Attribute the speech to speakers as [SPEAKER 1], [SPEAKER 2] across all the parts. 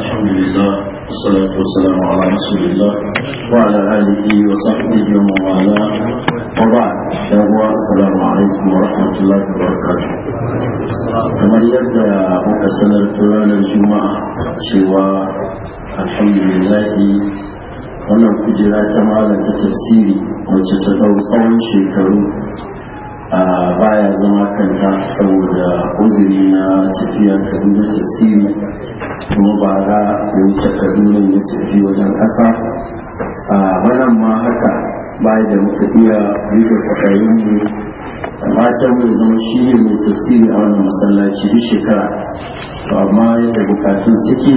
[SPEAKER 1] الحمد لله والصلاة والسلام على رسول الله وعلى آله وصحبه ومن والاه وبعد السلام عليكم ورحمة الله وبركاته كما يبدأ سنة فلان الجمعة سوى الحمد لله wannan kujera ta malam ta tafsiri wacce ta ɗau tsawon shekaru baya zama kanta saboda uzuri na tafiya kaduna tasiri kuma ba za ya wuce kaduna ya tafi wajen ƙasa a wannan ma haka baya da muka iya bisa tsakaninmu matan mai zama shi ne mai tafsiri a wannan masallaci duk shekara to amma yadda bukatun suke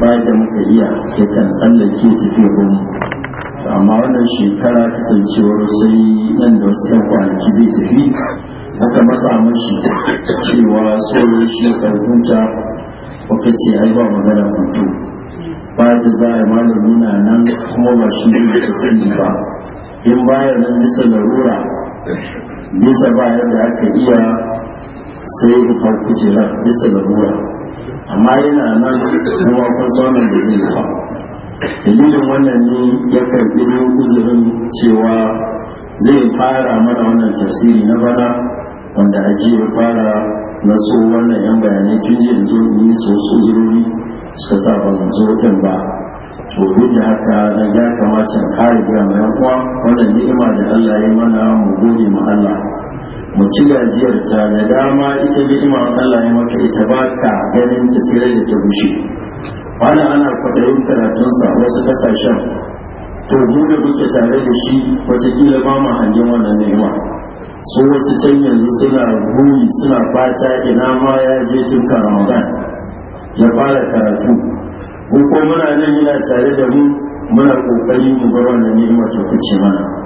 [SPEAKER 1] baya da muka iya yakan tsallake tafiya mu amma wannan shekara kasancewar sai nan da wasu yan kwanaki zai tafi aka matsa mashi cewa tsoron shi ta wata ce ai ba magana ba da za a malami na nan kuma ba shi ne da sani ba in bayan nan bisa larura bisa bayan da aka iya sai da farko ce bisa larura amma yana nan kuma kun da zai yi ba dalilin wannan ne ya karɓi uzurin cewa zai fara mana wannan tafsiri na bana wanda a jiya fara na so wannan yan bayanai tun jiya zo yi so su uzurori suka sa ban zo ba to duk da haka na ya kamata kare gama mai uwa wannan ni'ima da Allah ya mana mu gode ma Allah mu ci gajiyar ta da dama ita ni'ima Allah ya maka ita ba ka ganin ta sai da ta bushe wannan ana kwaɗayin karatunsa sa wasu ƙasashen to mu da muke tare da shi watakila ba mu hangen wannan ni'ima su wasu can yanzu suna buri suna fata ina ma ya je tun ramadan ya fara karatu ko muna nan yana tare da mu muna kokari mu bar wannan ni'ima ta kuce mana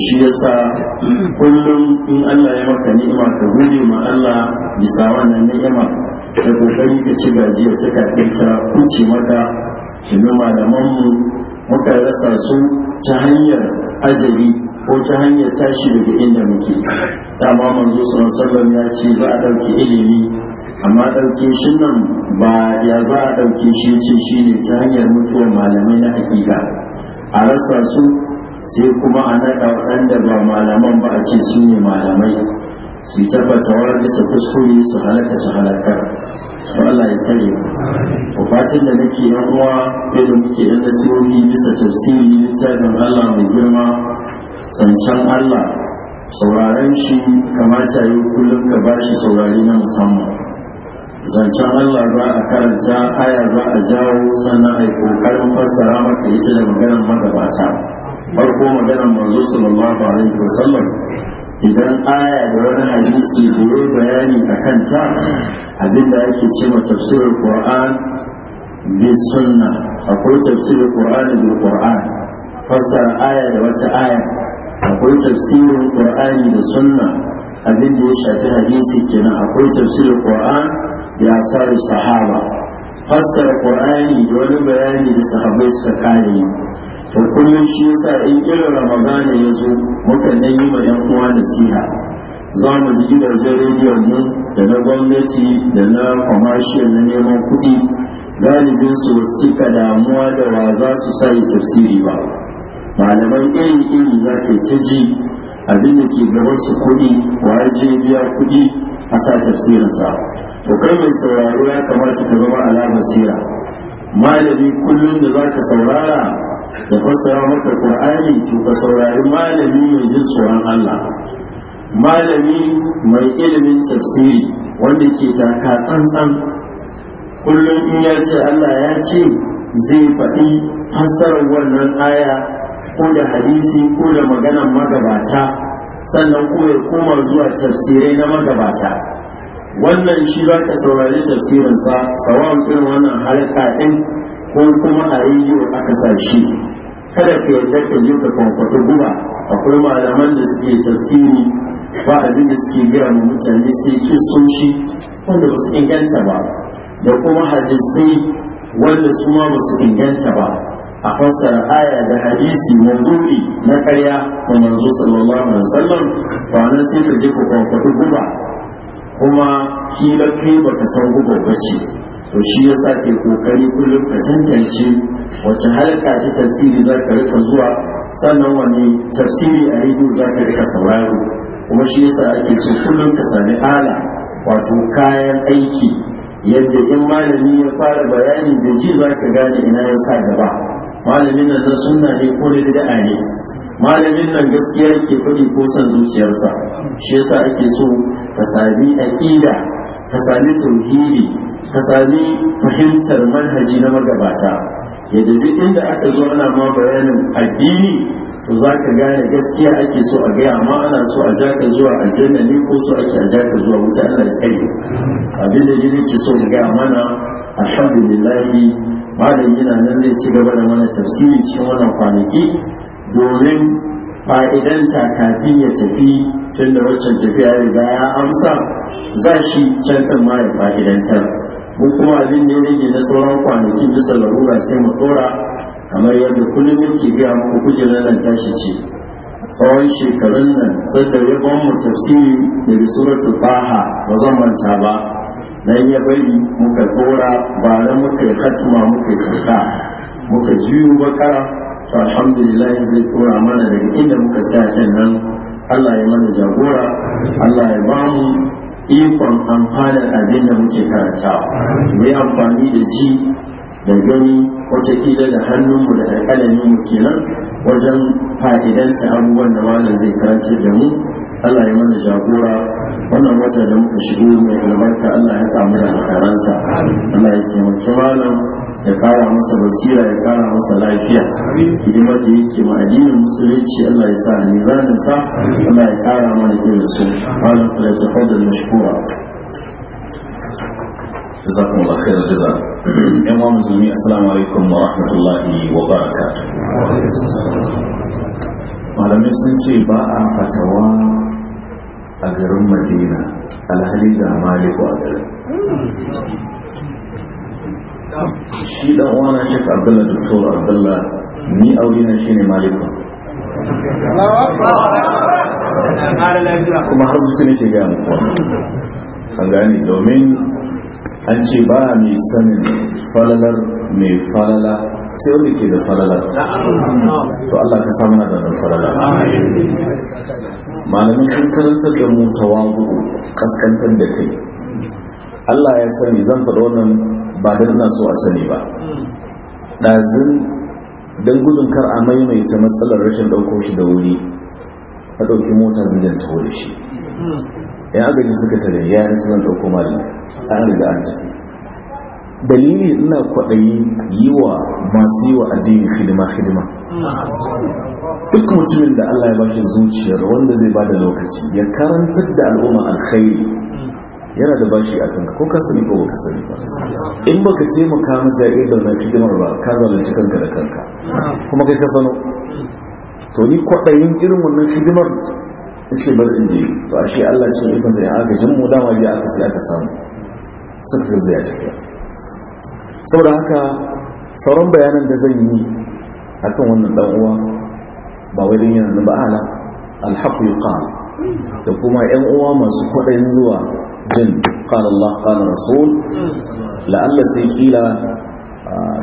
[SPEAKER 1] shi ya sa kullum in Allah ya maka ni'ima ka gode ma Allah bisa wannan ni'ima da kokari ka ci gajiya ta kafin ta kuce mata shi malaman mu muka rasa su ta hanyar azabi ko ta hanyar tashi daga inda muke Ta dama manzo sallallahu ya ce za a ɗauki ilimi amma ɗauke shi nan ba ya za a ɗauke shi ce shi ne ta hanyar mutuwar malamai na hakika a rasa su sai kuma a naɗa waɗanda ba malaman ba a ce su ne malamai su ta fatawa bisa kuskure su halaka su halakar to Allah ya tsare ku fatin da nake yan uwa yadda muke yan nasihohi bisa tafsiri littafin Allah mai girma zancen Allah sauraren shi kamata yi kullum ka ba shi saurari na musamman zancen Allah za a karanta aya za a jawo sannan a yi ƙoƙarin fassara maka ita da maganar magabata farko maganar manzo sallallahu alaihi wa sallam idan aya da wani hadisi da ya bayani a kanta abinda ake ce ma tafsirin qur'an bi sunna akwai tafsirin qur'an bi qur'an fassara aya da wata aya akwai tafsirin qur'ani da sunna abin da ya shafi hadisi kenan akwai tafsirin qur'an da asarin sahaba fassara qur'ani da wani bayani da sahabbai suka kare to kullum shi yasa in irin ramadan ya zo mukan dan yi ma yan uwa nasiha za mu ji gidajen rediyon mu da na gwamnati da na commercial na neman kuɗi galibin su suka damuwa da wa za su sa yi tafsiri ba malaman iri iri za ka ta ji abin da ke gaban su kuɗi wa je biya kuɗi a sa tafsirinsa to kai mai sauraro ya kamata ka zama alamar sira malami kullum da za ka saurara da fassara maka qur'ani to ka saurari malami mai jin tsoron Allah malami mai ilimin tafsiri wanda ke taka tsantsan kullum in ya ce Allah ya ce zai faɗi fassarar wannan aya ko da hadisi ko da maganar magabata sannan ko ya koma zuwa tafsirai na magabata wannan shi za ka saurari tafsirinsa sawan irin wannan harka ɗin ko kuma a yi aka sa shi kada ka yarda ka je ka kwamfata guba akwai malaman da suke tafsiri ba abin da suke gaya ma mutane sai shi wanda ba su inganta ba da kuma hadisai wanda su ma ba su inganta ba a fassara aya da hadisi mawdu'i na karya da manzo sallallahu alaihi wasallam ba nan sai ka je ka kwamfata guba kuma kila kai baka san guba ba ce to shi ya sa ke kokari kullum ka tantance wacce halka ta tafsiri za ka rika zuwa sannan wani tafsiri a rediyo za ka rika sauraro kuma shi ya sa ake so kullum ka sami ala wato kayan aiki yadda in malami ya fara bayani da ji za ka gane ina ya sa gaba malamin nan na sunna ne ko da da'a ne malamin nan gaskiya ke faɗi ko son zuciyarsa shi yasa ake so ka sami aƙida ka sami tauhidi ka sami fahimtar manhaji na magabata ya dabi inda aka zo ana ma bayanin addini to za ka gane gaskiya ake so a gaya amma ana so a jaka zuwa aljanna ne ko so ake a jaka zuwa wuta ana ya tsaye abin da jini ke so gaya mana alhamdulillahi malam yana nan zai ci gaba da mana tafsiri cikin wannan kwanaki domin fa'idanta kafin ya tafi tun da waccan tafiya ya ya amsa za shi can kan ma ya fa'idantar ko kuma abin da ya rage na sauran kwanaki bisa larura sai mu dora kamar yadda kullum yake gaya muku kujerar nan tashi ce tsawon shekarun nan da ya ban mu tafsiri da suratu baha ba zan manta ba na iya bari muka dora bara muka yi hatima muka yi sauka muka juyo bakara to alhamdulillah zai dora mana daga inda muka tsaya kan nan Allah ya mana jagora Allah ya bamu ikon amfanin abin da muke karantawa mu amfani da shi da gani watakila da hannunmu da alƙalaminmu kenan wajen fa'idanta abubuwan da malam zai karantar da mu Allah ya mana jagora wannan wata da muka shigo mai albarka Allah ya kamu da makaransa Allah ya taimaki malam ya kara masa basira ya kara masa lafiya hidimar da yake ma addinin musulunci Allah ya sa nizanin sa Allah ya kara mana irin su malam kula ta fadar mashkura jazakumullahu khairan yan wa musulmi assalamu alaikum wa
[SPEAKER 2] rahmatullahi wa barakatuh malamai sun ce ba a fatawa a garin madina alhali da maliku a garin shi dan uwana shek abdullah doktor abdullah ni aure na shi ne maliku
[SPEAKER 3] kuma har zuci ke gaya muku
[SPEAKER 2] an gani domin an ce ba mai sanin falalar mai falala sai wani ke da falala to Allah ka samu na da falala malamin kan karantar da mu tawagu kaskantar da kai Allah ya sani zan faɗa wannan ba da ina so a sani ba ɗazin don gudun kar a maimaita matsalar rashin ɗauko shi da wuri a ɗauki mota zai ta wuri shi yan agaji suka tare ya yi zuwan ɗauko mali an riga an tafi dalili ina kwaɗayi yi wa masu yi wa addini hidima hidima duk mutumin da Allah ya bashi zuciyar wanda zai da lokaci ya karantar da al'umma alkhairi yana da bashi a kanka ko ka sani ko baka sani ba in baka taimaka masa ya da mai hidimar ba ka zalunci kanka da kanka kuma kai ka sano to ni kwaɗayin irin wannan hidimar ce bar inda yi to ashe Allah ce ya fasa ya aka jin mu dama biya aka sai aka samu suka ga zai tafiya saboda haka sauran bayanan da zan yi akan wannan dan uwa ba wai yana nan ba ala alhaqu yuqal da kuma yan uwa masu kwaɗayin zuwa jin qala Allah qala rasul la'alla sai kila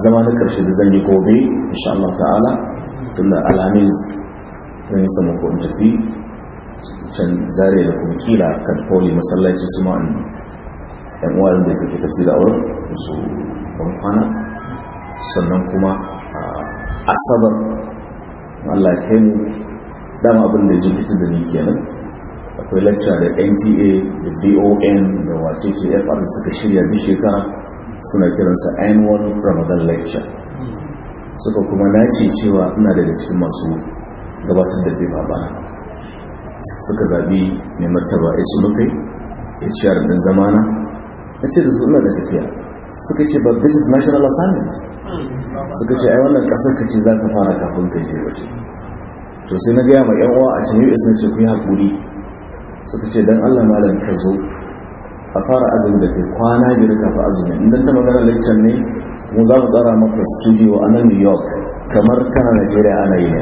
[SPEAKER 2] zama na da zan yi gobe insha Allah ta'ala tunda alamis zan yi sama ko in tafi can zare da kuma kila kan koli masallaci su ma yan uwa da take tasiri a wurin su kwana sannan kuma asabar Allah ya kai mu dama abin da ji da ni kenan akwai lacca da NTA da VON da wace ce FR suka shirya bi shekara suna kiransa annual Ramadan lecture suka kuma nace cewa ina daga cikin masu gabatar da bifa ba. suka zaɓi mai martaba ya muka yi ya ci a ɗin zamana ya ce da suna da tafiya suka ce ba this is national assignment suka ce ai wannan ƙasar ka ce za ka fara kafin ka je waje to sai na gaya ma yan uwa a can us na ce ku yi hakuri suka ce dan allah malam ka zo a fara azumi da kai kwana biyar kafin azumi idan ta magana lecture ne mu za mu tsara maka studio a nan new york kamar kana najeriya ana yi ne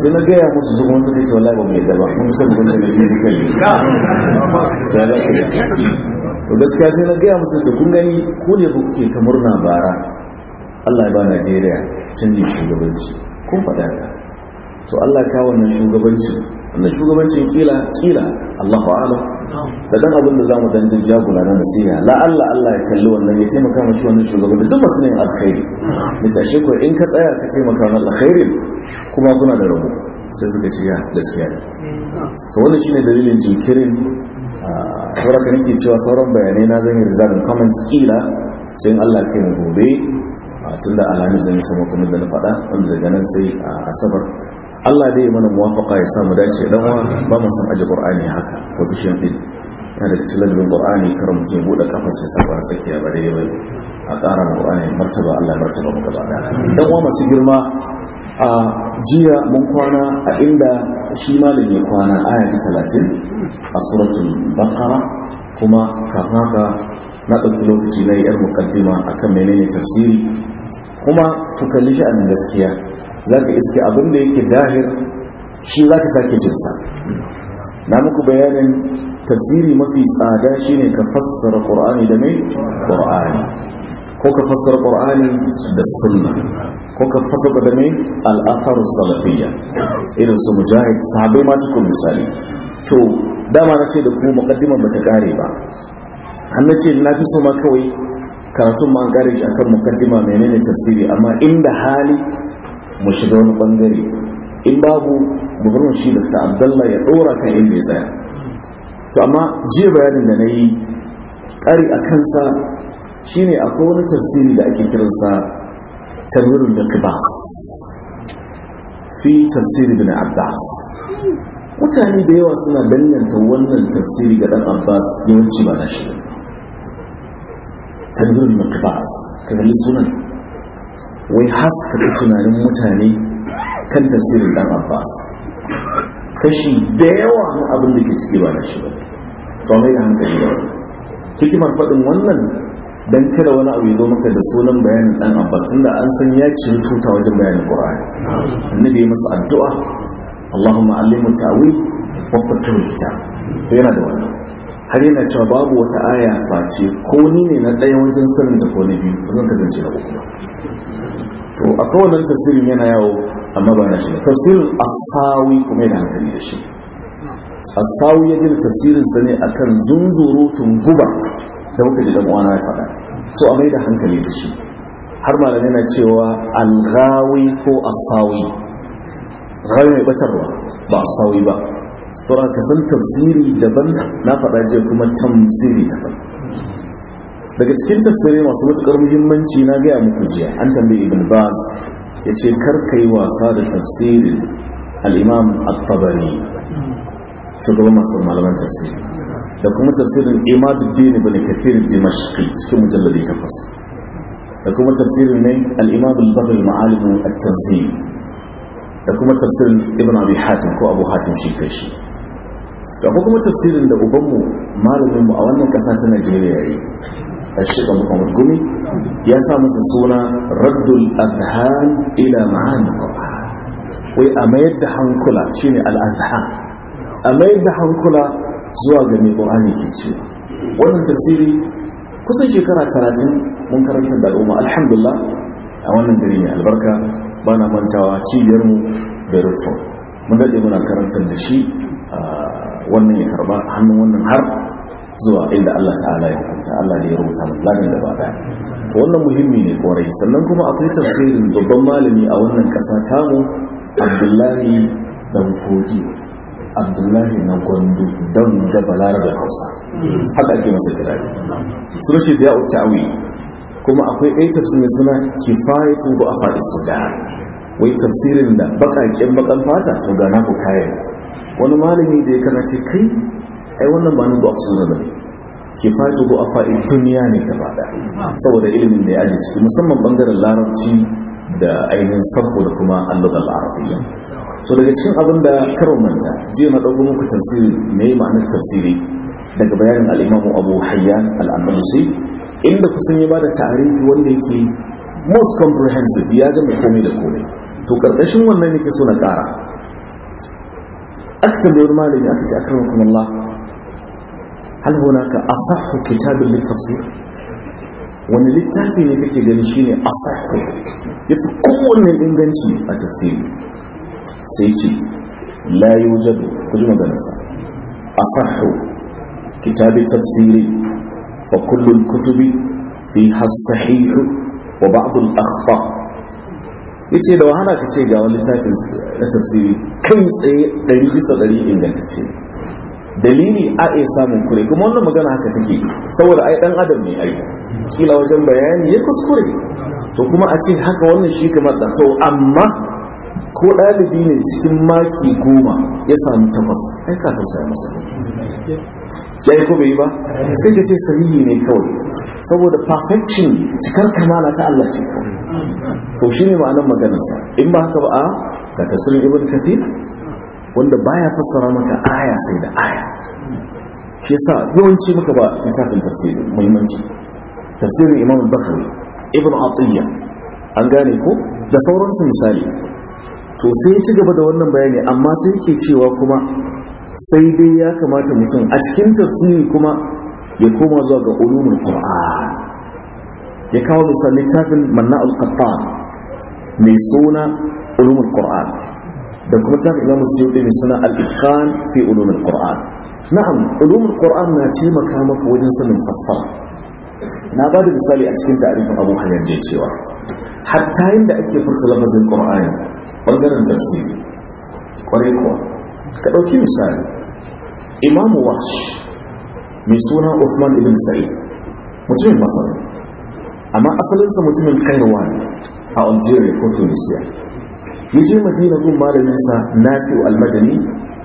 [SPEAKER 2] sai na gaya musu su kuma ne ce wallahi ba mai daba mun san gwamnati da fizikali ya za
[SPEAKER 3] ku to
[SPEAKER 2] gaskiya sai na gaya musu da kun gani ko ne ba kuke ta murna bara Allah ya ba Najeriya canji shugabanci kun faɗa ka to Allah ya kawo wannan shugabanci wannan shugabancin kila kila Allahu a'lam da dan abin da za mu dan jagula na nasiha la Allah Allah ya kalli wannan ya taimaka maka wannan shugaban da duk masu yin alkhairi ne ta shi ko in ka tsaya ka taimaka wannan alkhairi kuma kuna da rabo sai suka ce ya gaskiya ne so wannan shine dalilin jinkirin kora kan nake cewa sauran bayanai na zan yi rizalin comments kila sai in Allah kai mu gobe tunda Alhamis zan yi sama kuma da na faɗa wanda daga nan sai asabar Allah dai mana muwafaka ya samu dace dan wa ba mu san Qur'ani haka position din yana da tilal Qur'ani kar mu bude kafar sai saba sakiya ba bare a ƙara Qur'ani martaba Allah martaba mu gaba da dan wa masu girma a jiya mun kwana a inda shi malami ya kwana aya ta 30 a suratul Baqara kuma kafin haka na ɗauki lokaci na yi 'yar mukaddima akan menene tafsiri kuma ku kalli sha'anin gaskiya za ka iske abin da yake dahir shi za ka sake jinsa na muku bayanin tafsiri mafi tsada shine ka fassara ƙorani da mai ƙorani ko ka fassara ƙorani da sunna ko ka fassara da mai al'afar salafiyya irin su mujahid sabai ma tukun misali to dama na ce da ku makaddiman ba ta kare ba an na ce na fi so ma kawai karatun ma an kare shi akan mukaddima menene tafsiri amma inda hali mu shiga wani bangare in babu mu bar shi da ta ya dora kan inda ya tsaya to amma jiya bayanin da na yi ƙari a kansa shine akwai wani tafsiri da ake kiransa tanwirul liqbas fi tafsiri bin abbas mutane da yawa suna danganta wannan tafsiri ga dan abbas yawanci ba na shi tanwirul liqbas kaga sunan wai haskaka tunanin mutane kan tasirin dan abbas kashi da yawa na abin da ke ciki ba na shi ba to mai da hankali ba hikimar faɗin wannan dan kada wani abu ya zo maka da sunan bayanin dan abbas tunda an san ya ci tuta wajen bayanin qur'ani annabi ya masa addu'a Allahumma allimhu ta'wil wa wakwatar kitab to yana da wannan har yana cewa babu wata aya face ko ni ne na ɗaya wajen sanin da ko biyu zan kasance na uku to a kowane tafsirin yana yawo amma ba na shi tafsirin asawi kuma yana hankali da shi asawi ya gina tafsirinsa ne a kan zunzurutun guba da muka ji damuwa na na faɗa to a mai da hankali da shi har malamai na cewa alrawi ko asawi rawi mai batarwa ba asawi ba to ka san tafsiri daban na faɗa jiya kuma tamsiri daban daga cikin tafsirai masu matuƙar muhimmanci na gaya muku jiya an tambayi ibn baz ya ce karka yi wasa da tafsirin al'imam al-tabari shugaban masu malaman tafsiri da kuma tafsirin imaduddin ibn kathir dimashqi cikin mujalladi takwas da kuma tafsirin ne al al-baghawi ma'alim at-tanzil da kuma tafsirin ibn abi hatim ko abu hatim shi kai shi da kuma tafsirin da ubanmu malamin mu a wannan kasa ta Najeriya yi. الشيخ محمد قمي يا سامس سونا رد الأذهان إلى معاني القرآن وأما يدحن كلا شيني
[SPEAKER 3] da
[SPEAKER 2] hankula zuwa كلا زواج من القرآن كيشي wannan tafsiri kusan shekara talatin mun karanta da al'umma alhamdulillah a wannan gari mai albarka ba na mantawa cibiyarmu da rufin mun daɗe muna karantar da shi wannan ya karba hannun wannan har zuwa inda Allah ta'ala ya hukunta Allah ne ya rubuta ladan da ba da wannan muhimmi ne kwarai sannan kuma akwai tafsirin babban malami a wannan kasa tamu Abdullahi dan Fodi Abdullahi na Gwandu dan da balar da Hausa haka ake masa kirari sun shi da ta'awi kuma akwai ɗaya tafsirin suna kifayatu ba a faɗi da wai tafsirin da baƙaƙen baƙan fata to ga na ku kayan wani malami da ya ce kai ai wannan ba a afsuna ba kifatu ko afa'in duniya ne gaba da. saboda ilimin da ya aje ciki musamman bangaren larabci da ainihin sarko da kuma allugar larabiyya to daga cikin abin da karon manta jiya na ɗauko muku tafsiri mai ma'anar tafsiri daga bayanin al'imamu abu hayyan sai, inda kusan ya bada tarihi wanda yake most comprehensive ya mai komai da komai to karkashin wannan ke so na ƙara aka tambayi malami aka ce akan hukumar Allah hal hunaka asahhu kitabin littafsir wani littafi ne kake gani shine asahhu yafi kowanne inganci a tafsiri sai ce la yujadu ku ji maganarsa asahhu kitabin tafsiri fa kullul kutubi fi as-sahih wa ba'd al-akhta yace da wahala kace ga wani littafin na tafsiri kai tsaye 100 bisa 100 ingantacce dalili a iya samun kure kuma wannan magana haka take saboda ai dan adam ne ai kila wajen bayani ya kuskure to kuma a ce haka wannan shi kamar da to amma ko dalibi ne cikin maki goma ya samu takwas ai ka tausaya masa ya yi ko yi ba sai ka ce sahihi ne kawai saboda perfection cikar kamala ta Allah ce kawai to shine ma'anar maganarsa in ba haka ba a ka tasirin ibn kathir wanda baya fassara maka aya sai da aya shi yasa yawanci muka ba littafin tafsiri muhimmanci tafsirin imam bakari ibn atiyya an gane ko da sauransu misali to sai ya ci gaba da wannan bayani amma sai ke cewa kuma sai dai ya kamata mutum a cikin tafsiri kuma ya koma zuwa ga ulumul
[SPEAKER 3] qur'an
[SPEAKER 2] ya kawo misali littafin manna al mai suna ulumul qur'an da kuma ta imamu suyuɗi mai suna al-itqan fi ulumul qur'an na'am ulumul qur'an na taimaka maka wajen sanin fassara na ba da misali a cikin tarihin abu hanyar da cewa hatta yadda ake furta lafazin qur'ani bangaren tafsiri kwarai kuwa ka ɗauki misali imamu wahsh mai suna Uthman ibn Sa'id mutumin Masar amma asalinsa mutumin Kairouan a Algeria ko Tunisia ya ce madina gun na fi almadani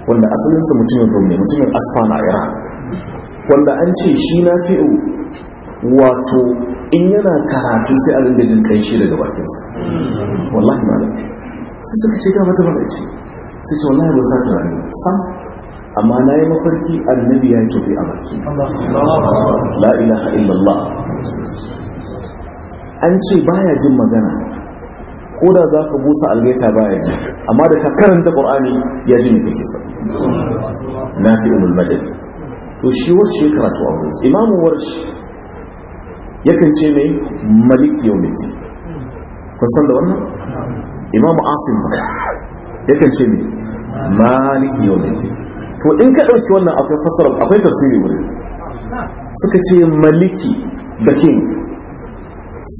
[SPEAKER 2] wanda asalinsa mutumin rum ne mutumin asfana a iran wanda an ce shi na fi wato in yana karatu sai a rinda jin shi daga bakinsa wallahi malam sai suka ce ga mata bada ce sai ce wallahi ba za ta rani sam amma na yi mafarki annabi ya tafi a baki la ilaha illallah an ce baya jin magana ko da za ka busa algaita baya ji amma da ka karanta qur'ani ya ji ne kake sa nafi'ul madadi to shi wace karatu a wurin imamu warshi yakan ce mai malik yawmiddin kun san da wannan imamu asim yakan ce mai malik mai to in ka ɗauki wannan akwai fasara akwai tafsiri wuri suka ce maliki da king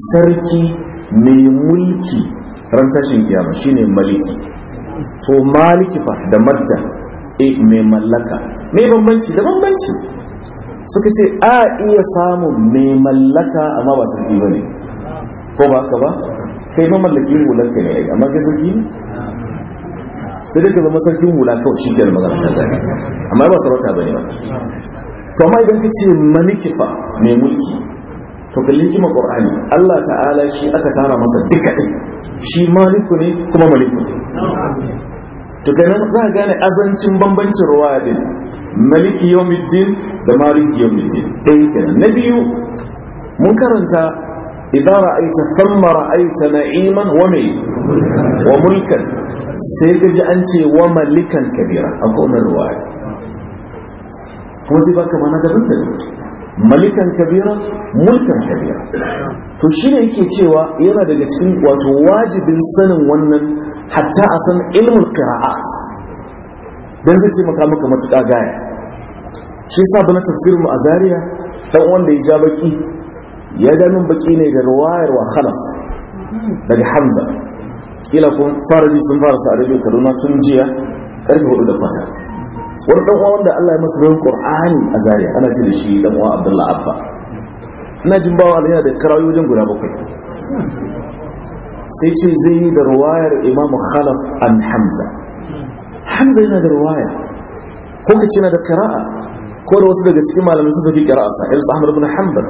[SPEAKER 2] sarki mai mulki ran tashin kiyama shine maliki to maliki fa da madda eh, e mai mallaka mai bambanci da bambanci suka ce a iya samun mai mallaka amma ba sarki bane ko ba ka ba kai ma mallakin ne wulanka ne amma kai sarki ne sai dai ka zama sarkin wula kawai shi ke da magana ta gani amma ba sarauta bane ba to amma idan ka ce maliki fa mai mulki to kalli hikimar qur'ani Allah ta'ala shi aka tara masa duka ɗin shi maliku ne kuma maliku ne to kenan za a gane azancin bambancin ruwa din maliki yawmiddin da maliki
[SPEAKER 1] yawmiddin ɗaya kenan na
[SPEAKER 2] biyu mun karanta idan ra'aita thumma ra'aita na'iman wa mai wa mulkan sai ka ji an ce wa malikan kabira akwai wannan ruwa kuma sai baka mana daban daban malikan kabira mulkan kabira to shi ne yake cewa yana daga cikin wato wajibin sanin wannan hatta a san ilmin qira'at dan zai taimaka maka matuƙa gaya shi yasa bana tafsirin mu a Zariya dan wanda ya ja baki ya ga min baki ne da ruwayar wa khalas. daga hamza kila kun fara sun fara sa a kaduna tun jiya karfe hudu da kwata wani ɗan uwa wanda Allah ya masa rawar Qur'ani a Zariya. ana ce shi dan uwa Abdullah Abba ina jin bawa Allah yana da karawi wajen guda bakwai sai ce zai yi da ruwayar Imam Khalaf an Hamza Hamza yana da ruwaya ko kace yana da qira'a ko da wasu daga cikin malamai sun saki qira'a sa Ibn Ahmad ibn Hanbal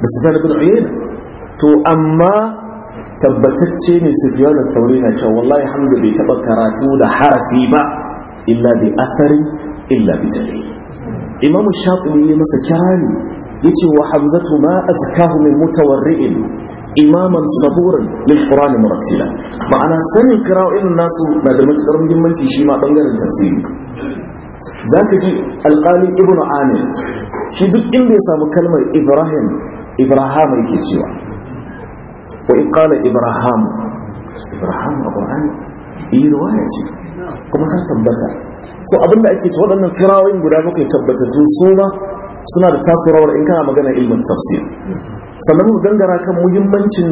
[SPEAKER 2] da Sufyan ibn Uyayna to amma tabbatacce ne sufyan al-thawri na cewa wallahi Hamza bai taba karatu da harafi ba illa bi athari illa bi tadai imamu shafi'i ya masa kirani yace wa hamzatu ma azkahu min mutawarri'in imaman saburin lil qur'ani murattila ma'ana sanin kira'o'in nasu na da matukar muhimmanci shi ma bangaren tafsiri ka ji alqali ibnu amir shi duk inda ya samu kalmar ibrahim ibrahim yake cewa wa in qala ibrahim ibrahim a qur'ani yi eh, riwaya ce kuma ta tabbata to abinda ake ce waɗannan firawoyin guda bakwai tabbatattu su ma suna da tasirawar in kana magana ilmin tafsir sannan mu gangara kan muhimmancin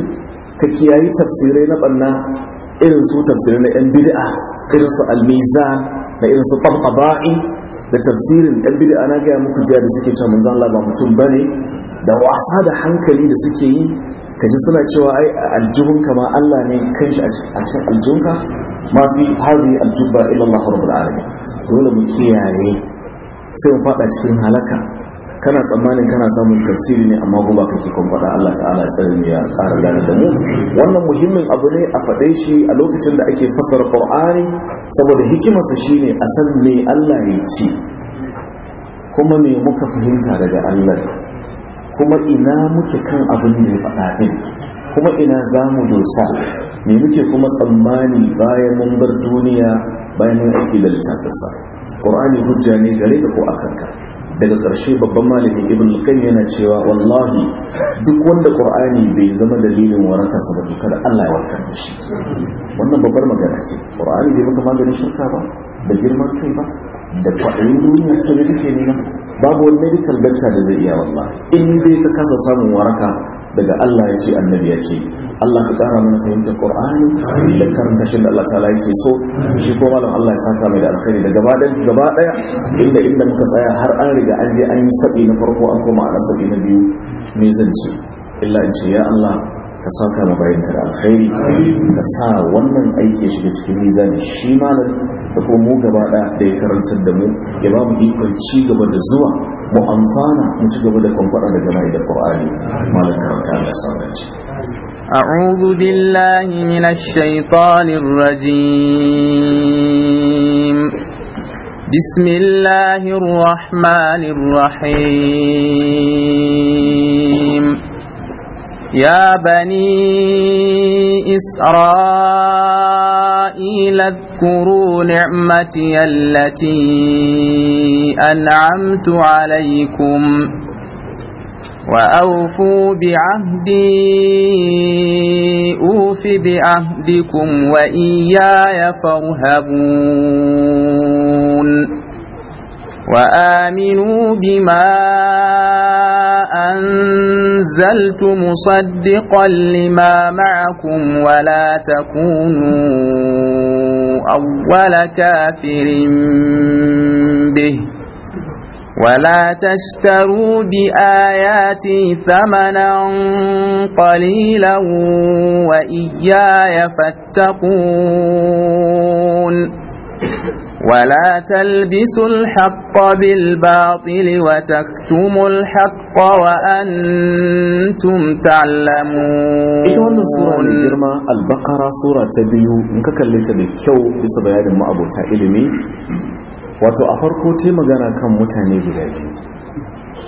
[SPEAKER 2] ka kiyayi tafsirai na banna irin su tafsirai na yan bid'a irin su almiza, da irin su tababa'i da tafsirin yan bid'a na gaya muku jiya da suke cewa manzon Allah ba mutum bane da wasa da hankali da suke yi ka ji suna cewa ai aljihunka ma Allah ne kanshi a cikin ka ma fi hazi aljubba ila Allah rabbul alamin dole mu kiyaye sai mu fada cikin halaka kana tsammanin kana samun tafsiri ne amma ba kake kun fada Allah ta'ala ya ya tsara gane da mu wannan muhimmin abu ne a faɗe shi a lokacin da ake fassara Qur'ani saboda hikimarsa shine a san me Allah ya ce kuma me muka fahimta daga Allah kuma ina muke kan abin da ya faɗa ɗin kuma ina za mu dosa me muke kuma tsammani bayan mun bar duniya bayan mun aiki da littafinsa ƙur'ani hujja ne gare ka ko a kanka daga ƙarshe babban malamin ibn al yana cewa wallahi duk wanda ƙur'ani bai zama dalilin warakarsa ba to kada Allah ya warkar da shi wannan babbar magana ce ƙur'ani bai maka maganin shirka ba da girman kai ba da kwaɗayin duniya ta da duke nuna babu wani medical doctor da zai iya wallah in dai ka kasa samun waraka daga Allah ya ce annabi ya ce Allah ka ƙara mana fahimtar Qur'ani da karanta da Allah ta'ala yake so shi ko malam Allah ya saka mai da alkhairi da gaba ɗaya? gaba inda inda muka tsaya har an riga an je an yi sabi na farko an koma ana sabi na biyu me zan ce illa in ce ya Allah ka saka ma bayan da alkhairi ka sa wannan aiki shiga cikin mizani shi malam da kuma mu gaba da ya karantar da mu ya ba mu ikon ci gaba da zuwa mu amfana mu ci gaba da kwankwada daga mai da qur'ani malam karanta da sauranci
[SPEAKER 4] أعوذ بالله من الشيطان الرجيم بسم الله الرحمن الرحيم يا بني إسرائيل اذكروا نعمتي التي أنعمت عليكم وأوفوا بعهدي أوف بعهدكم وإياي فارهبون وآمنوا بما أنزلت مصدقا لما معكم ولا تكونوا أول كافر به ولا تشتروا بآياتي ثمنا قليلا وإياي فاتقون ولا تلبسوا الحق بالباطل وتكتموا الحق وأنتم تعلمون إيه وانا
[SPEAKER 2] سورة الجرمة البقرة سورة تبيو نكاك اللي تبكيو بس بيان ما أبو تعلمي wato a farko ta كم kan mutane guda biyu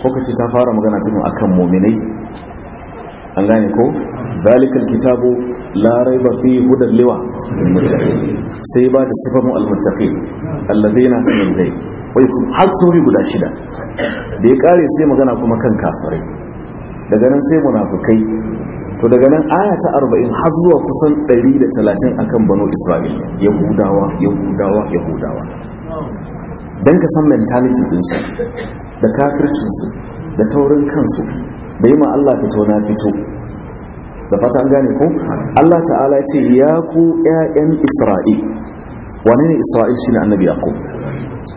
[SPEAKER 2] lokaci ta fara magana tun akan mominai an ko zalikal kitabu larai ba fi hudar liwa sai ba da sifar al muttaqin alladheena min dai wai har sori guda shida da ya kare sai magana kuma kan kafirai daga nan sai munafikai to daga nan aya ta 40 har zuwa kusan 130 akan banu isra'il yahudawa yahudawa yahudawa dan ka san mentality din su da kafircin su da taurin kansu bai yi ma Allah fito na fito da fata an gane ko Allah ta'ala ce ya ku ƴaƴan Isra'il wane ne Isra'il shine annabi Yaqub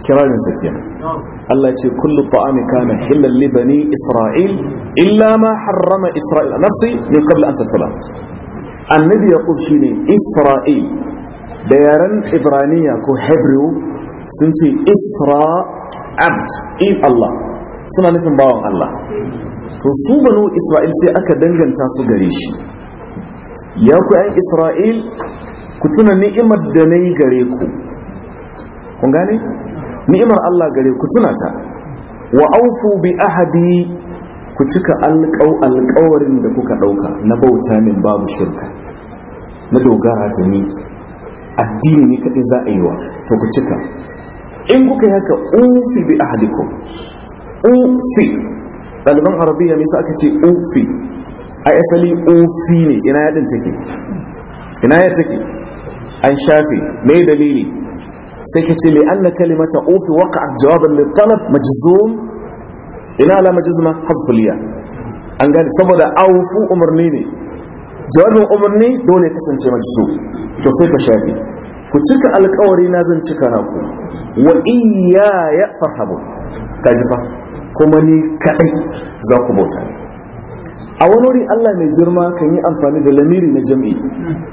[SPEAKER 2] kirarin sa kenan Allah ce kullu ta'ami kana illa li bani Isra'il illa ma harrama Isra'il nafsi min qabl an tatala annabi Yaqub shine Isra'il da yaran Ibraniya ko Hebrew sun ce Isra abd in Allah suna nufin bawan Allah to su banu isra'il sai aka danganta su gare shi ya ku yan isra'il ku tuna ni'imar da na yi gare ku kun gane ni'imar allah gare ku tuna ta wa aufu bi ahadi ku cika alƙawarin da kuka ɗauka na bauta min babu shirka na dogara da ni addini ne kaɗai za a yi wa to ku cika in kuka yi haka ufi bi ahadikum ufi ɗaliban arabiya ne aka ce ofi a asali ofi ne ina yadin take ina ya take an shafe mai dalili sai ka ce li'anna kalimata ofi waka a jawabin littalab majizum ina alama majizma hasbuliya an gane saboda awufu umarni ne jawabin umarni dole kasance majizum to sai ka shafe ku cika alkawari na zan cika naku wa iya ya farhabu ka ji fa kuma ni kaɗai za ku bauta a wani wuri Allah mai girma kan yi amfani da lamiri na jam'i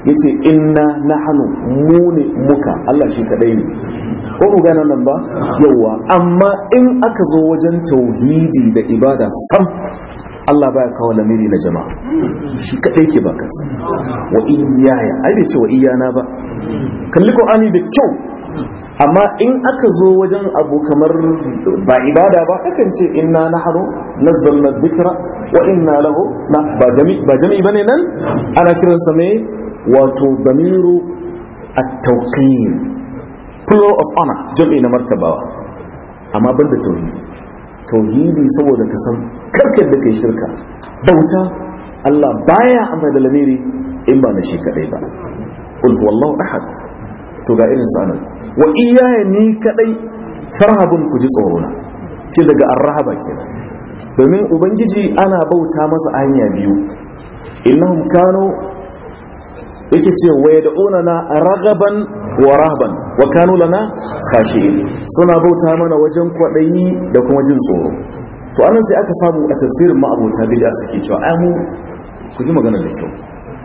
[SPEAKER 2] yace inna nahnu mu ne muka Allah shi kaɗai ne ko mu gane nan ba yawa amma in aka zo wajen tauhidi da ibada sam Allah baya kawo lamiri na jama'a shi kadai ke baka wa iyaya ai bai ce wa iyana ba kalli ko ani da kyau amma in aka zo wajen abu kamar ba ibada ba akan ce inna nahnu nazzalna dhikra wa inna lahu ba jami ba jami bane nan ana kiran sa ne wato damiru at-tawqin plural of honor jami na martabawa amma banda tauhidi tauhidi saboda ka san karkar da kai shirka bauta Allah baya amfani da lamiri in ba na shi kadai ba qul huwallahu ahad to ga irin sa nan, wa iyaye ni kadai farhabun ku ji tsoro na ki daga ke kenan domin ubangiji ana bauta masa hanya biyu innahum kanu yake ce wa ona na ragaban wa rahban wa kanu lana khashi'in suna bauta mana wajen kwadayi da kuma jin tsoro to anan sai aka samu a tafsirin ma'abota bid'a suke cewa ai mu ku ji magana da kyau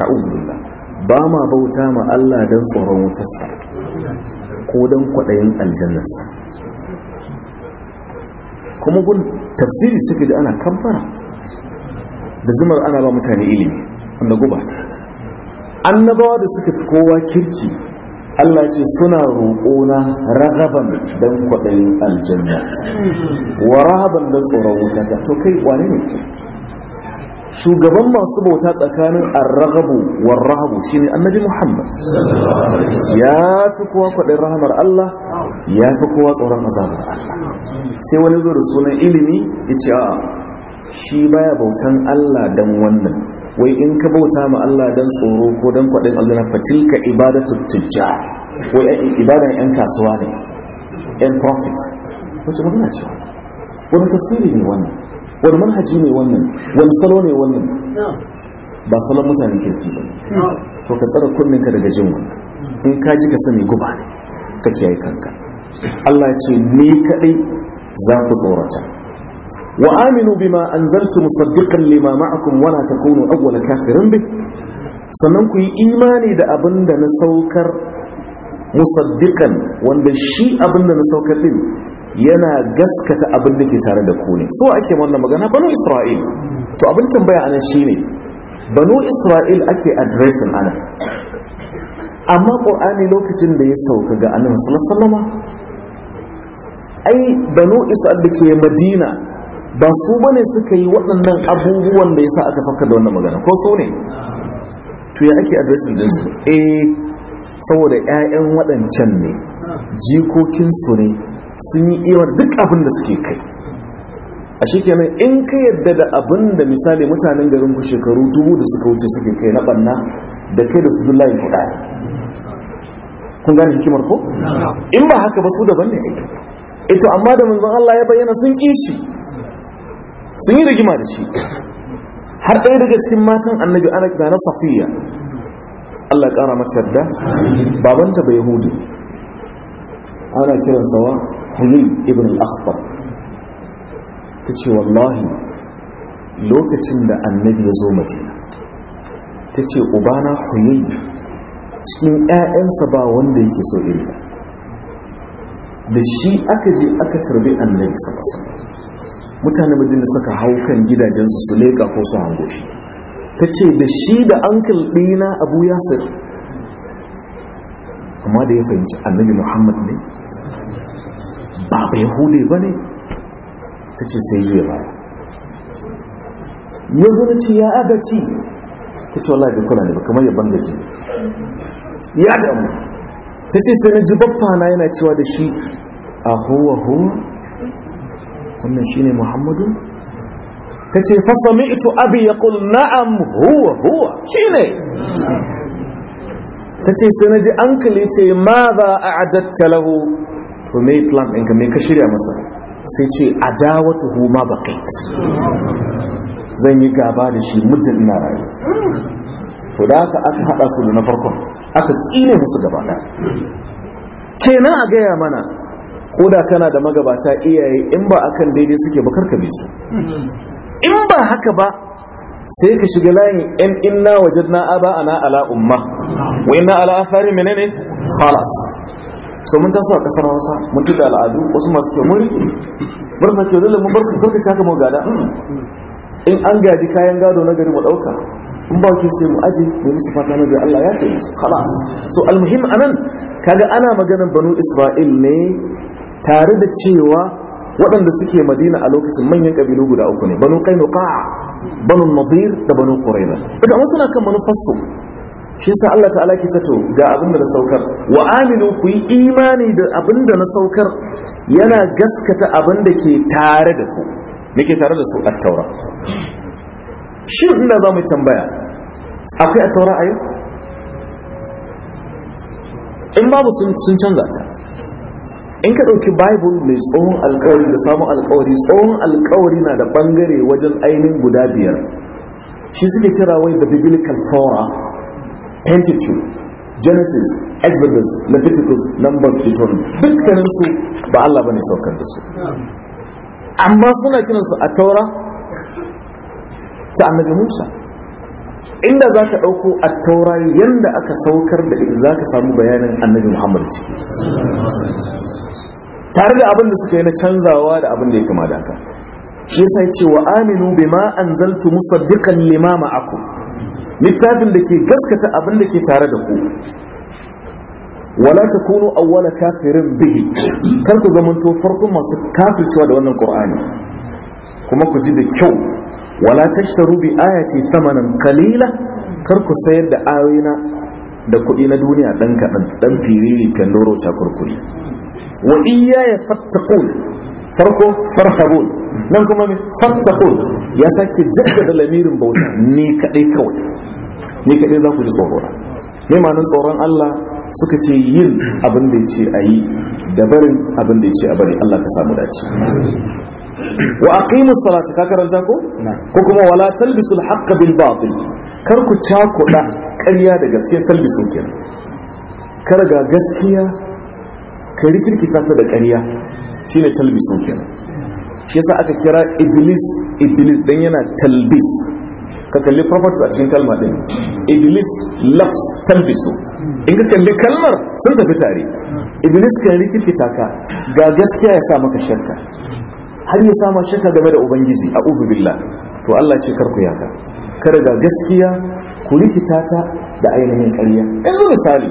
[SPEAKER 2] ta'udhu ba ma bauta ma Allah dan tsoron wutarsa ko don kwaɗayin aljannarsa kuma gun tafsiri suke da ana kamfara da zumar ana ba mutane ilimi wanda guba annabawa da suka fi kowa kirki Allah ce suna roƙona ragaban don kwaɗayin aljanna wa rahaban don tsoron wuta to kai wane ne shugaban masu bauta tsakanin arraghabu war rahabu shine annabi Muhammad ya fi kowa kwadin rahamar Allah ya fi kowa tsoron azabar Allah sai wani zo da sunan ilimi yace a shi baya bautan Allah dan wannan wai in ka bauta ma Allah dan tsoro ko dan kwadin Allah na fatilka ibadatu tujjar wai ibadan yan kasuwa ne yan profit wace magana ce wani tafsiri ne wannan wani manhaji ne wannan wani salo ne wannan ba salon mutanen kirki ba to ka tsara kunninka daga jin wannan in ka ji ka sani guba ne ka kiyaye kanka Allah ya ce ni kadai za ku tsorata wa aminu bima anzaltu musaddiqan lima ma'akum wa la takunu awwala kafirin bih sannan ku yi imani da abin da na saukar musaddiqan wanda shi abin da na saukar din yana gaskata abin da ke tare da ku ne so ake wannan magana banu isra'il to abin tambaya anan shine banu isra'il ake addressing ana amma qur'ani lokacin da ya sauka ga annabi sallallahu alaihi ai banu isra'il da ke madina ba su bane suka yi waɗannan abubuwan da yasa aka sauka da wannan magana ko so ne to ya ake addressing din su eh saboda ƴaƴan waɗancan ne jikokin su ne sun yi iwar duk abin da suke kai a kenan in ka yadda da abin da misali mutanen garin ku shekaru dubu da suka wuce suke kai na banna da kai da su duk layin kuɗa kun gane hikimar ko in ba haka ba su daban ne aiki ito eh amma da manzon Allah ya bayyana sun ƙi shi sun yi rigima da shi har ɗaya daga cikin matan annabi anak na safiya Allah ƙara mata yadda babanta bai hudu. ana kiran sawa kuli ibn al ta ce wallahi lokacin da annabi ya zo madina ta ce ubana huyayi cikin 'ya'yansa ba wanda yake so iri da shi aka je aka tarbi annabi sama mutane madina suka hau kan gidajensu su leƙa ko su hango shi ta ce da shi da ankil ɗina abu yasir amma da ya fahimci annabi muhammad ne ba bai hude ba ne ta ce sai juya ba ya zo na ce ya agaci ta ce wallahi bai kula ne ba kamar ya banga ji ya damu ta ce sai na ji na yana cewa da shi a huwa huwa wannan shi ne muhammadu ta ce fasami ito abi ya kun na'am huwa huwa shi ne ta ce sai na ji an kalice ma ba a adatta lahu to me plan ka me ka shirya masa sai ce adawatu huma baqit zan yi gaba da shi muddin ina rayu to da aka aka hada su da na farkon aka tsine musu gaba ɗaya kenan a gaya mana ko da kana da magabata iyaye in ba akan daidai suke ba ka bi in ba haka ba sai ka shiga layin yan inna wajadna aba ana ala umma wa inna ala asari menene Falas. so mun taso a kasar hausa mun tuka al'adu wasu masu kyau mun bar sa kyau dole mun bar su kanka shaka mu gada
[SPEAKER 3] hmm.
[SPEAKER 2] in an gaji kayan gado na gari mu dauka in ba ki sai mu aje mu musu fata na Allah ya kai su khalas so almuhim anan kaga ana maganar banu isra'il ne tare da cewa waɗanda suke madina a lokacin manyan ƙabilu guda uku ne banu qainuqa banu nadir da banu qurayza duka wasu na kan manufarsu shi sa Allah ta'ala ke tato ga abin da na saukar wa aminu ku yi imani da abin da na saukar yana gaskata abin da ke tare da ku me ke tare da su a taura shin inda za mu tambaya akwai a taura a yau in babu sun canza ta in ka ɗauki bible mai tsohon alkawari da samun alkawari tsohon alkawari na da ɓangare wajen ainihin guda biyar shi suke kira wai da biblical torah pentateuch genesis exodus leviticus numbers deuteronomy dukkanin su ba Allah bane saukar da su amma suna kiransu a taura ta annabi musa inda za ka ɗauko a taura yadda aka saukar da ita za ka samu bayanin annabi muhammad ciki tare da abin da suka yi na canzawa da abin da ya kama da haka shi sai ce wa aminu bima anzaltu musaddiqan lima ma'akum littafin da ke gaskata abin da ke tare da ku wala ta takunu awwala kafirin bihi kar ku zamanto farko masu kafircewa da wannan qur'ani kuma ku ji da kyau wala tashtaru bi ayati thamanan qalila kar ku sayar da ayoyina da kuɗi na duniya ɗan kaɗan ɗan firiri kan doro cakurkuri wa yi fattaqun farko farhabun nan kuma mai fattakun ya sake jaddada lamirin bauta ne kaɗai kawai ni kaɗai za ku ji tsoro ne manan tsoron Allah suka ce yin abin da ya ce a yi da barin abin da ya ce a bari Allah ka samu dace wa aqimu salata ka karanta ko ko kuma wala talbisul al bil batil kar ku kuɗa ƙarya da gaskiya talbisun kenan kar ga gaskiya ka rikirki ta da ƙarya shine talbisun kenan shi yasa aka kira iblis iblis dan yana talbis ka kalli properties a cikin kalma din iblis loves talbisu in ka kalli kalmar sun tafi tare iblis kan rikikita ka ga gaskiya ya sa maka shakka har ya sama shakka game da ubangiji a uzu billah to Allah ce karku yaka kar ga gaskiya ku rikita ta da ainihin ƙarya yanzu misali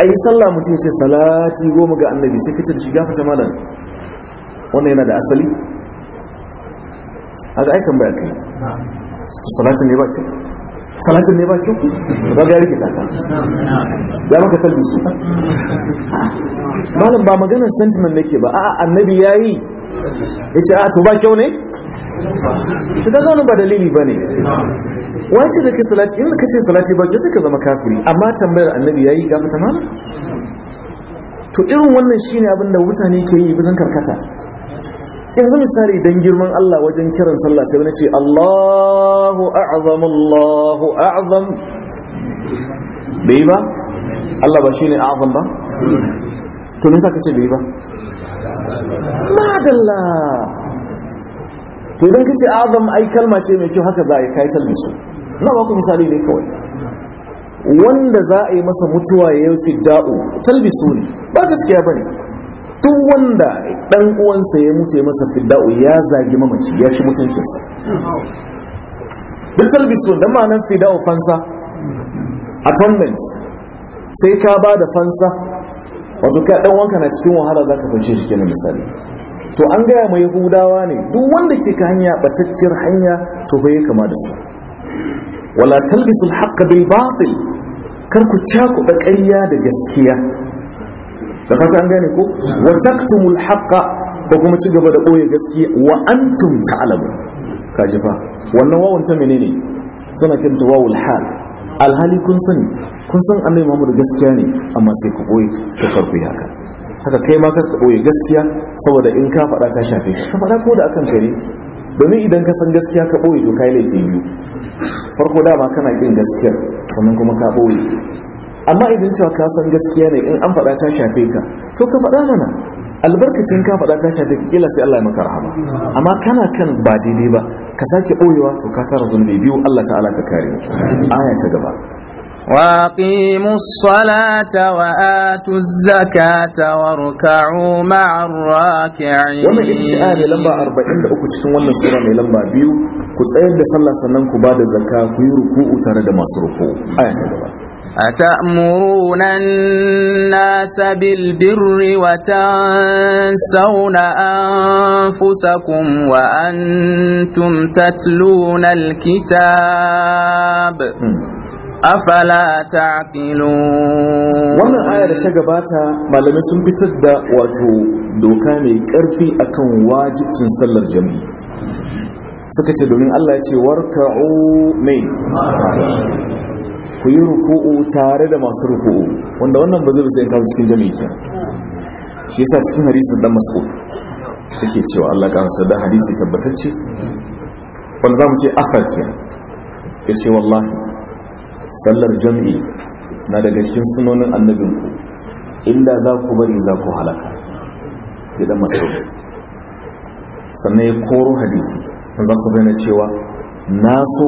[SPEAKER 2] a yi sallah mutum ya ce salati goma ga annabi sai kace da shiga fita malam wannan yana da asali a ga aikan ka kai salatin ne ba kyau salatin ne ba kyau ba ga yarki ta ya maka kalbi su malam ba maganar sentiment nake ba a'a annabi yayi yace a to ba kyau ne to kaga wannan ba dalili bane wace da ke salati in ka ce salati ba sai ka zama kafiri amma tambayar annabi yayi ga fata malam to irin wannan shine ne abinda mutane ke yi bizan karkata yanzu misali don girman Allah wajen kiran sallah sai wani ce Allahu a'zam Allahu a'zam bai ba Allah ba shine a'zam ba to me saka ce bai ba madalla to idan kace a'zam ai kalma ce mai kyau haka za a yi kai talbisu na ba ku misali ne kawai wanda za a yi masa mutuwa ya yi fidda'u talbisu ne ba gaskiya ne duk wanda ɗan uwansa ya mutu masa fidda'u ya zagi mamaci ya ci mutuncinsa duk talbisu dan ma'anar fidda'u fansa atonement sai ka ba da fansa wato kai dan wanka na cikin wahala zaka fice shi kenan misali to an gaya mai yahudawa ne duk wanda ke ka hanya batacciyar hanya to bai kama da su wala talbisul haqqa bil batil kar ku cakuɗa ƙarya da gaskiya da fata an gane ko wa taktumul haqqa ko kuma ci gaba da boye gaskiya wa antum Ka ji fa wannan wawan ta menene suna kinta wawul hal alhali kun sani kun san annabi Muhammad gaskiya ne amma sai ku boye ta farko ka haka kai ma ka boye gaskiya saboda in ka faɗa ta shafe ka faɗa ko da akan kare domin idan ka san gaskiya ka boye to kai laifin biyu farko dama kana kin gaskiya, sannan kuma ka boye amma idan cewa ka san gaskiya ne in an faɗa ta shafe ka to ka faɗa mana albarkacin ka faɗa ta shafe kila sai Allah ya maka rahama amma kana kan ba daidai ba ka sake boyewa to ka tara zunubi biyu Allah ta'ala ka kare aya ta gaba
[SPEAKER 4] wa الصَّلَاةَ zakata wa ruk'u ma'ar raki'in wannan ita ce
[SPEAKER 2] lamba 43 cikin wannan sura mai lamba biyu ku tsayar da sallah sannan ku ba da zakka ku yi ruku'u tare da masu ruku. aya ta gaba
[SPEAKER 4] أتأمرون الناس بالبر وتنسون أنفسكم وأنتم تتلون الكتاب أفلا تعقلون wannan aya da ta gabata malamai sun fitar da wato
[SPEAKER 2] doka mai ƙarfi akan wajibcin sallar jami'i suka ce domin Allah ya ce warka'u mai ku yi ruku'u tare da masu ruku'u wanda wannan ba zai bisa yin kawo cikin jami'i ke shi yasa cikin hadisi dan masu yake cewa Allah ka amsa da hadisi tabbatacce wanda za mu ce akhar ke ya ce wallahi sallar jami'i na daga cikin sunonin annabinku inda za ku bari za ku halaka ya dan mas'ud sannan ya koro hadisi sun za su na cewa na so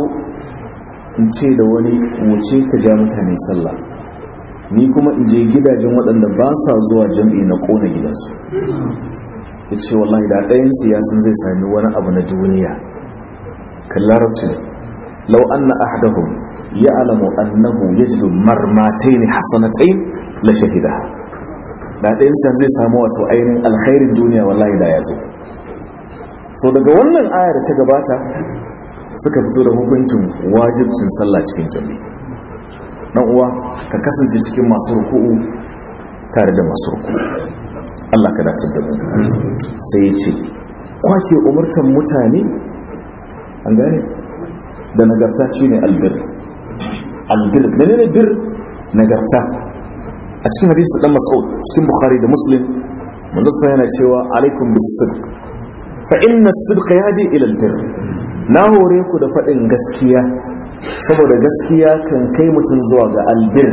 [SPEAKER 2] in ce da wani wuce ka ja mutane sallah ni kuma in je gidajen waɗanda ba sa zuwa jam'i na ƙona gidansu ya ce wallahi da ɗayan siyasan zai sami wani abu na duniya kan larabci lau na ahadahu ya alamu annahu ya ji marmatai ne hasanatai la shahida da ɗayan siyasan zai samu wato ainihin alkhairin duniya wallahi da ya zo so daga wannan ayar ta gabata suka fito da hukuncin wajibcin sallah cikin jami Ɗan uwa ka kasance cikin masu ruku'u tare da masu ruku'u Allah ka dace da mu sai ya ce kwake umurtan mutane an gane da nagarta shine albir albir menene bir nagarta a cikin hadisi dan mas'ud cikin bukhari da muslim manzo sai yana cewa alaikum bis-sidq fa inna as-sidqa yadi ila al na hore ku da faɗin gaskiya saboda gaskiya kan kai mutum zuwa ga albir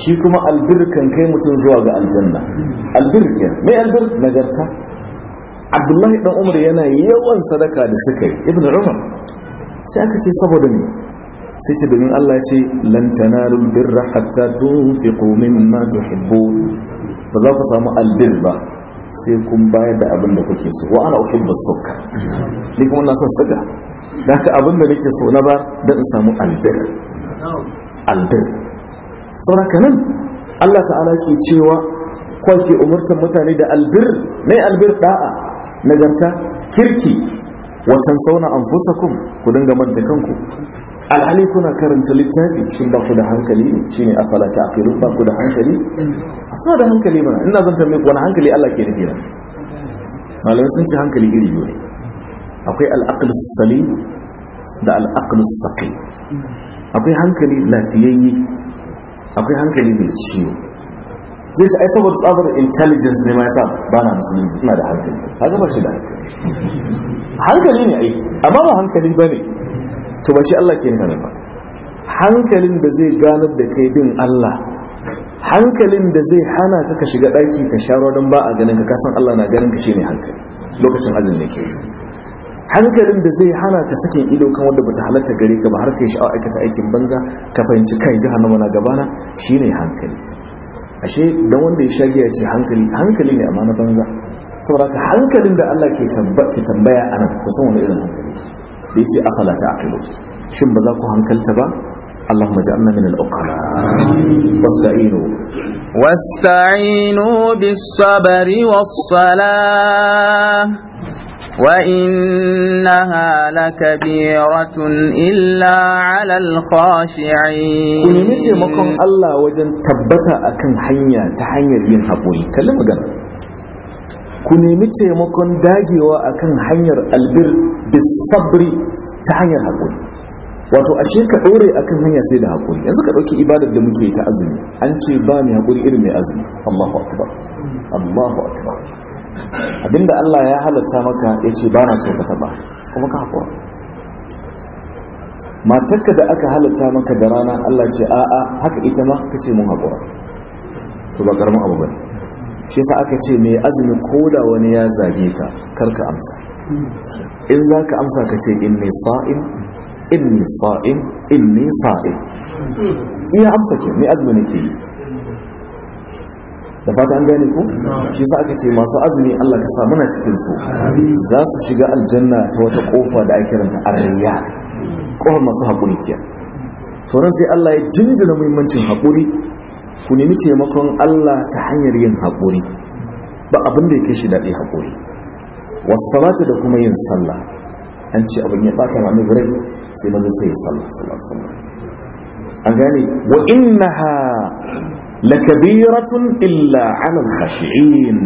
[SPEAKER 2] shi kuma albir kan kai mutum zuwa ga aljanna albir ke mai albir nagarta abdullahi dan umar yana yawan sadaka da suka yi ibn umar sai aka ce saboda ne sai ce domin allah ya ce lan tanalul birra hatta tunfiqu mimma tuhibbun ba za ku samu albir ba sai kun bayar da abin da kuke so wa ana uhibbu sukka ni kuma na son suga da haka abin da nake so na ba dan in samu albir albir saboda nan Allah ta'ala ke cewa ko ke umurtar mutane da albir yi albir ɗa'a, nagarta kirki watan-sauna, tansawna kun ku dinga manta kanku alhali kuna karanta littafi shin ba ku da hankali shine afala a ba ku da hankali suna da hankali mana ina zan tambaye wani hankali Allah ke nufi malamai sun ci hankali iri biyu ne akwai al'aqlu salim da al'aqlu saqi akwai hankali lafiyayye akwai hankali mai ciwo zai ce ai saboda tsabar intelligence ne ma yasa ba na musulunci ina da hankali ka gaba shi da hankali hankali ne ai amma ba hankali ba ne to ba shi Allah ke nuna ba hankalin da zai ganar da kai bin Allah hankalin da zai hana ka ka shiga ɗaki ka sha ruwa ba a ganin ka kasan Allah na ganin ka shi ne hankali lokacin azumi ne ke hankalin da zai hana ka sakin ido kan wanda bata halatta gare ka ba har kai sha'awa aikata aikin banza ka fahimci kai jahannama na gabana shine hankali ashe dan wanda ya shagiya ce hankali hankali ne amma na banza saboda ka hankalin da Allah ke tambaya anan kusan wani irin hankali da yace afala aqilu shin ba za ku hankalta ba اللهم اجعلنا من الأقرى واستعينوا
[SPEAKER 4] واستعينوا بالصبر والصلاة وإنها لكبيرة إلا على الخاشعين كن نتي مكم
[SPEAKER 2] الله وجن تبتا أكن حنيا تحنيا ين حبوري كلم أغنى كن نتي مكم داجي وأكن حنيا البر بالصبر تحنيا حبوري wato ashe ka ɗore akan hanya sai da haƙuri yanzu ka ɗauki ibadar da muke ta azumi an ce ba mai haƙuri irin mai azumi Allahu akbar Allahu akbar abinda Allah ya halatta maka ya ce ba na so ka taɓa kuma ka haƙura matarka da aka halatta maka da rana Allah ce a'a haka ita ma ka ce mun haƙura to ba ƙaramin abu bane shi yasa aka ce mai azumi ko da wani ya zage ka karka amsa in za ka amsa ka ce in mai sa'in inni sa’in inni sa’in iya amsa ke mai azumi ke yi da fata an gane ku shi sa aka ce masu azumi Allah ka samu na cikin su za su shiga aljanna ta wata kofa da ake ranta arriya kofar masu haƙuri ke to sai Allah ya jinjina muhimmancin haƙuri ku nemi taimakon Allah ta hanyar yin haƙuri ba abin da yake shi daɗi haƙuri wasu salata da kuma yin sallah an ce abin ya ɓata ma rai sai manzo sai sallallahu alaihi wasallam an gani wa innaha lakabiratun illa ala alkhashiin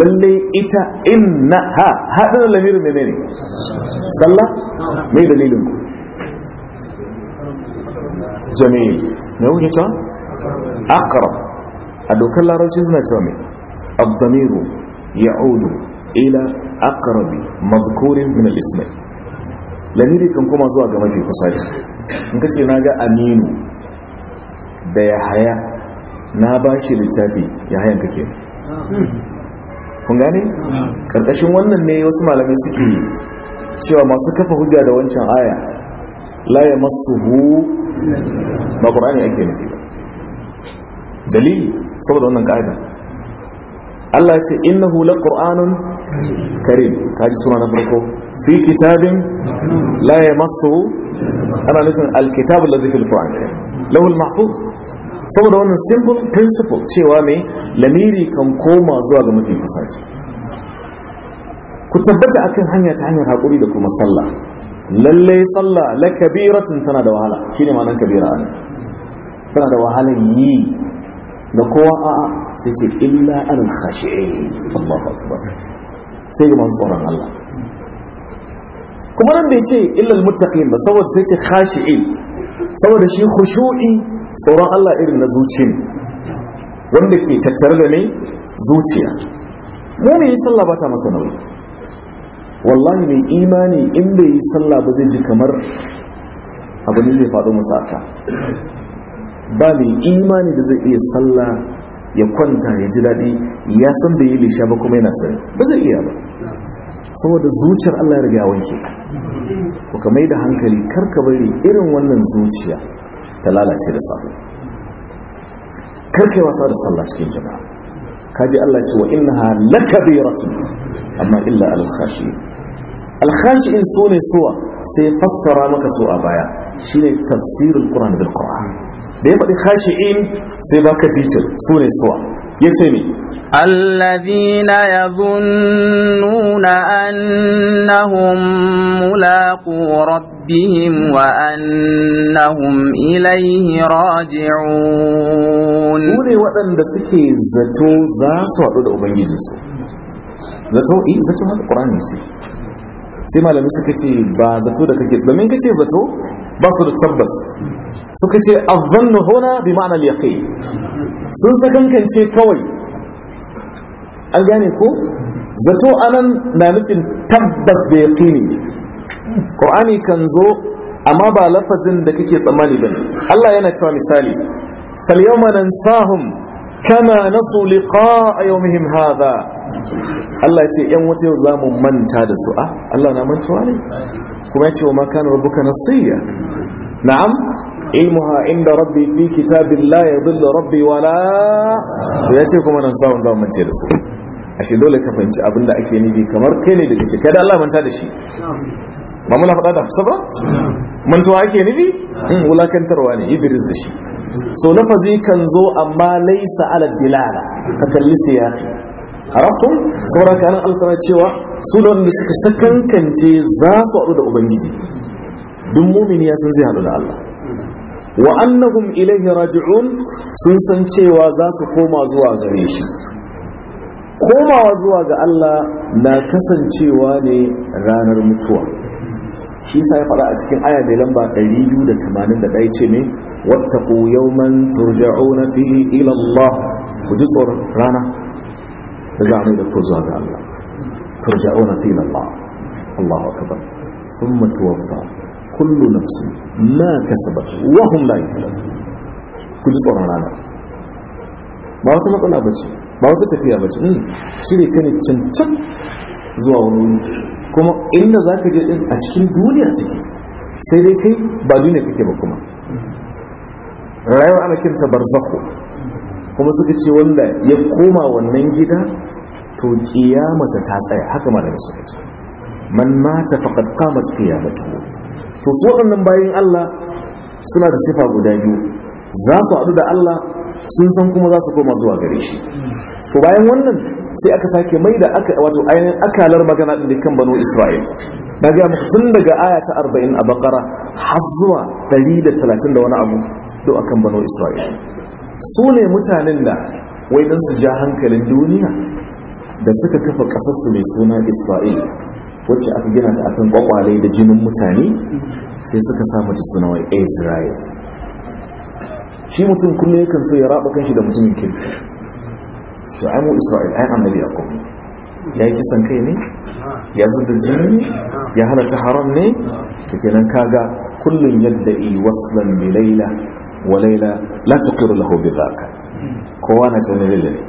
[SPEAKER 2] lalle ita innaha hadin lamirin menene sallah me dalilin ku jamil me wuce ta aqrab a dokar larabci suna cewa me abdamiru ya'udu ila aqrabi mazkurin min al lamiri kan kuma zuwa ga mafi kusaci in ka ce na ga aminu da ya haya na ba shi littafi ya hayan kake kun gane? ƙarƙashin wannan ne wasu malamai suke cewa masu kafa hujja da wancan aya laye masu hu ba ƙorani ake nufi ba dalili saboda wannan ƙa'ida Allah ce innahu la ƙor'anun karim kaji suna na farko fi kitabin لا يمسه أنا لكم الكتاب الذي في القرآن له المحفوظ saboda wannan simple principle cewa ne lamiri kan koma zuwa ga mafi kusanci ku tabbata akan hanya ta hanyar haƙuri da kuma sallah lallai sallah la kabiratun tana da wahala shine ma'anar kabira ana tana da wahalar yi da kowa a'a sai ce illa al khashi'in Allahu akbar sai ga masu tsoron Allah kuma nan ya ce illal muttaqin ba saboda sai ce khashi'in saboda shi khushu'i tsoron Allah irin na zuci wanda ke tattare da ne zuciya mu ne yi sallah ba ta masa nauyi wallahi mai imani in bai yi sallah ba zai ji kamar abin da zai faɗo masa aka ba mai imani da zai iya sallah ya kwanta ya ji daɗi ya san bai yi lishe ba kuma yana sani ba zai iya ba saboda zuciyar Allah ya riga wanke ta ko ka da hankali kar ka bari irin wannan zuciya ta lalace da safe kar kai wasa da sallah cikin jama'a kaji Allah ce wa innaha lakabiratun amma illa al-khashi al-khashi suwa sai fassara maka su a baya shine tafsirul qur'an bil qur'an da ya faɗi khashi'in sai baka titil sune suwa yace ne الذين يظنون
[SPEAKER 4] أنهم ملاقو ربهم وأنهم إليه راجعون سوري
[SPEAKER 2] وأن دسكي زتو زاسو أدود أبنجي جسو زتو إيه زتو هذا القرآن يسي سيما لم يسكتي با زتو دكتي بمين كتي زتو بصر التربس سكتي الظن هنا بمعنى اليقين sun sakankance kawai an gane ko zato anan na nufin tabbas da yaqini qur'ani kan zo amma ba lafazin da kake tsammani bane Allah yana cewa misali fal yawma nansahum kama nasu liqa'a yawmihim hadha Allah ya ce yan wata yau zamu manta da su a ah, Allah na mantuwa ne kuma yace wa ma kana rabbuka nasiya na'am ilmuha inda rabbi fi kitabillahi yadhillu rabbi wala ya ce kuma nan sawun zamu mance da su ashe dole ka fahimci abinda da ake nufi kamar kai ne da kake kai da Allah manta da shi ba muna faɗa da hafsa mantuwa ake nufi hmm, wulakantarwa ne ibris da shi so lafazi kan zo amma laisa ala dilala ka kalli siyaki harafin saboda kanan alfara cewa su da wanda suka sakankance za su haɗu da ubangiji duk mumini ya san zai haɗu da Allah wa annahum ilaihi raji'un sun san cewa za su koma zuwa gare shi komawa zuwa ga Allah na kasancewa ne ranar mutuwa shi sa ya fara a cikin aya mai lamba 281 ce ne wattaqu yawman turja'una fihi ila Allah ku ji tsoron rana da za mu da ku zuwa ga Allah turja'una fihi ila Allah Allahu akbar thumma tuwaffa kullu nafsin ma kasabat wa hum la yuzlamun ku ji tsoron rana ba wata matsala ba ce ba wata tafiya ba ce shirya hmm. ka ne cancan zuwa wani kuma inda za ka je din a cikin duniya take sai dai kai ba duniya kake ba kuma rayuwa ana kinta barzakho kuma suka ce wanda ya koma wannan gida to masa ta tsaya haka daga suka ce man mata faqad qamat qiyamatu to su waɗannan bayin Allah suna da sifa guda biyu za su haɗu da Allah sun san kuma za su koma zuwa gare shi to bayan wannan sai aka sake mai da aka wato ainihin akalar magana din da kan banu isra'il na ga muku tun daga aya ta 40 a bakara har zuwa 130 da wani abu do akan banu isra'il su ne mutanen da wai dan su ja hankalin duniya da suka kafa ƙasarsu mai suna isra'il wacce aka gina ta akan kwakwale da jinin mutane sai suka sa mata suna wai isra'il shi mutum kullum yakan so ya raba kanshi da mutumin kirki su amu isra'il ai annabi kuma ya yi kisan kai ne ya zanta jini ne ya halatta haram ne to kenan kaga kullum yadda yi waslan bi laila wa laila la tuqiru lahu bi dhaka kowa na tsanin lalle ne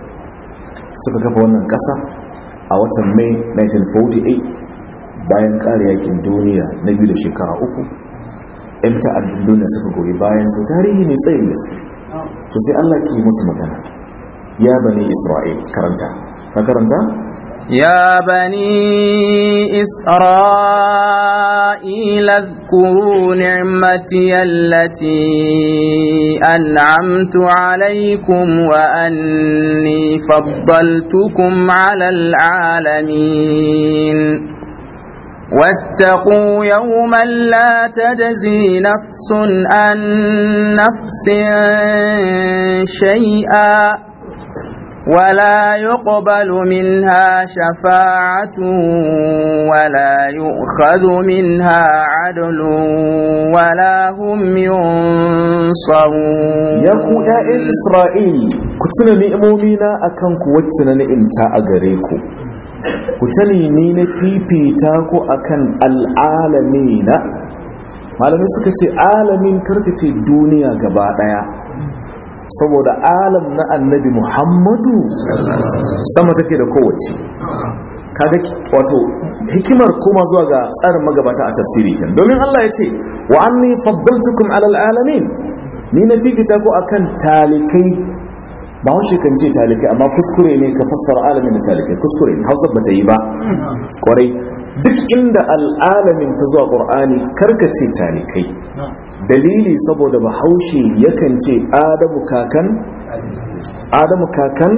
[SPEAKER 2] suka kafa wannan kasa a watan mai 1948 bayan kare yakin duniya na biyu da shekara uku 'yan ta'addun duniya suka goyi bayan su tarihi mai tsayin gaske to sai Allah ke musu magana ya bani Isra'il karanta ka karanta
[SPEAKER 4] يا بني إسرائيل اذكروا نعمتي التي أنعمت عليكم وأني فضلتكم على العالمين واتقوا يوما لا تجزي نفس عن نفس شيئا ولا يقبل منها شفاعة ولا يؤخذ منها عدل ولا هم ينصرون يقول
[SPEAKER 2] يا إسرائيل كتنا نئمومينا أكنك واتنا نئمتا أغريكم ku tani ni na fifita ku akan na? malamai suka ce alamin karkace duniya gaba daya saboda alam na annabi muhammadu sama take da kowace kaga wato hikimar kuma zuwa ga tsarin magabata a tafsiri kan domin Allah ya ce wa anni faddaltukum alal ni na fifita ku akan talikai ba haushe kan ce talikai amma kuskure ne ka fassara alamin da talikai kuskure ne hausa ba ta yi ba kwarai duk inda al'alamin ta zuwa ƙur'ani karka ce talikai dalili saboda Bahaushe yakan ce adamu kakan adamu kakan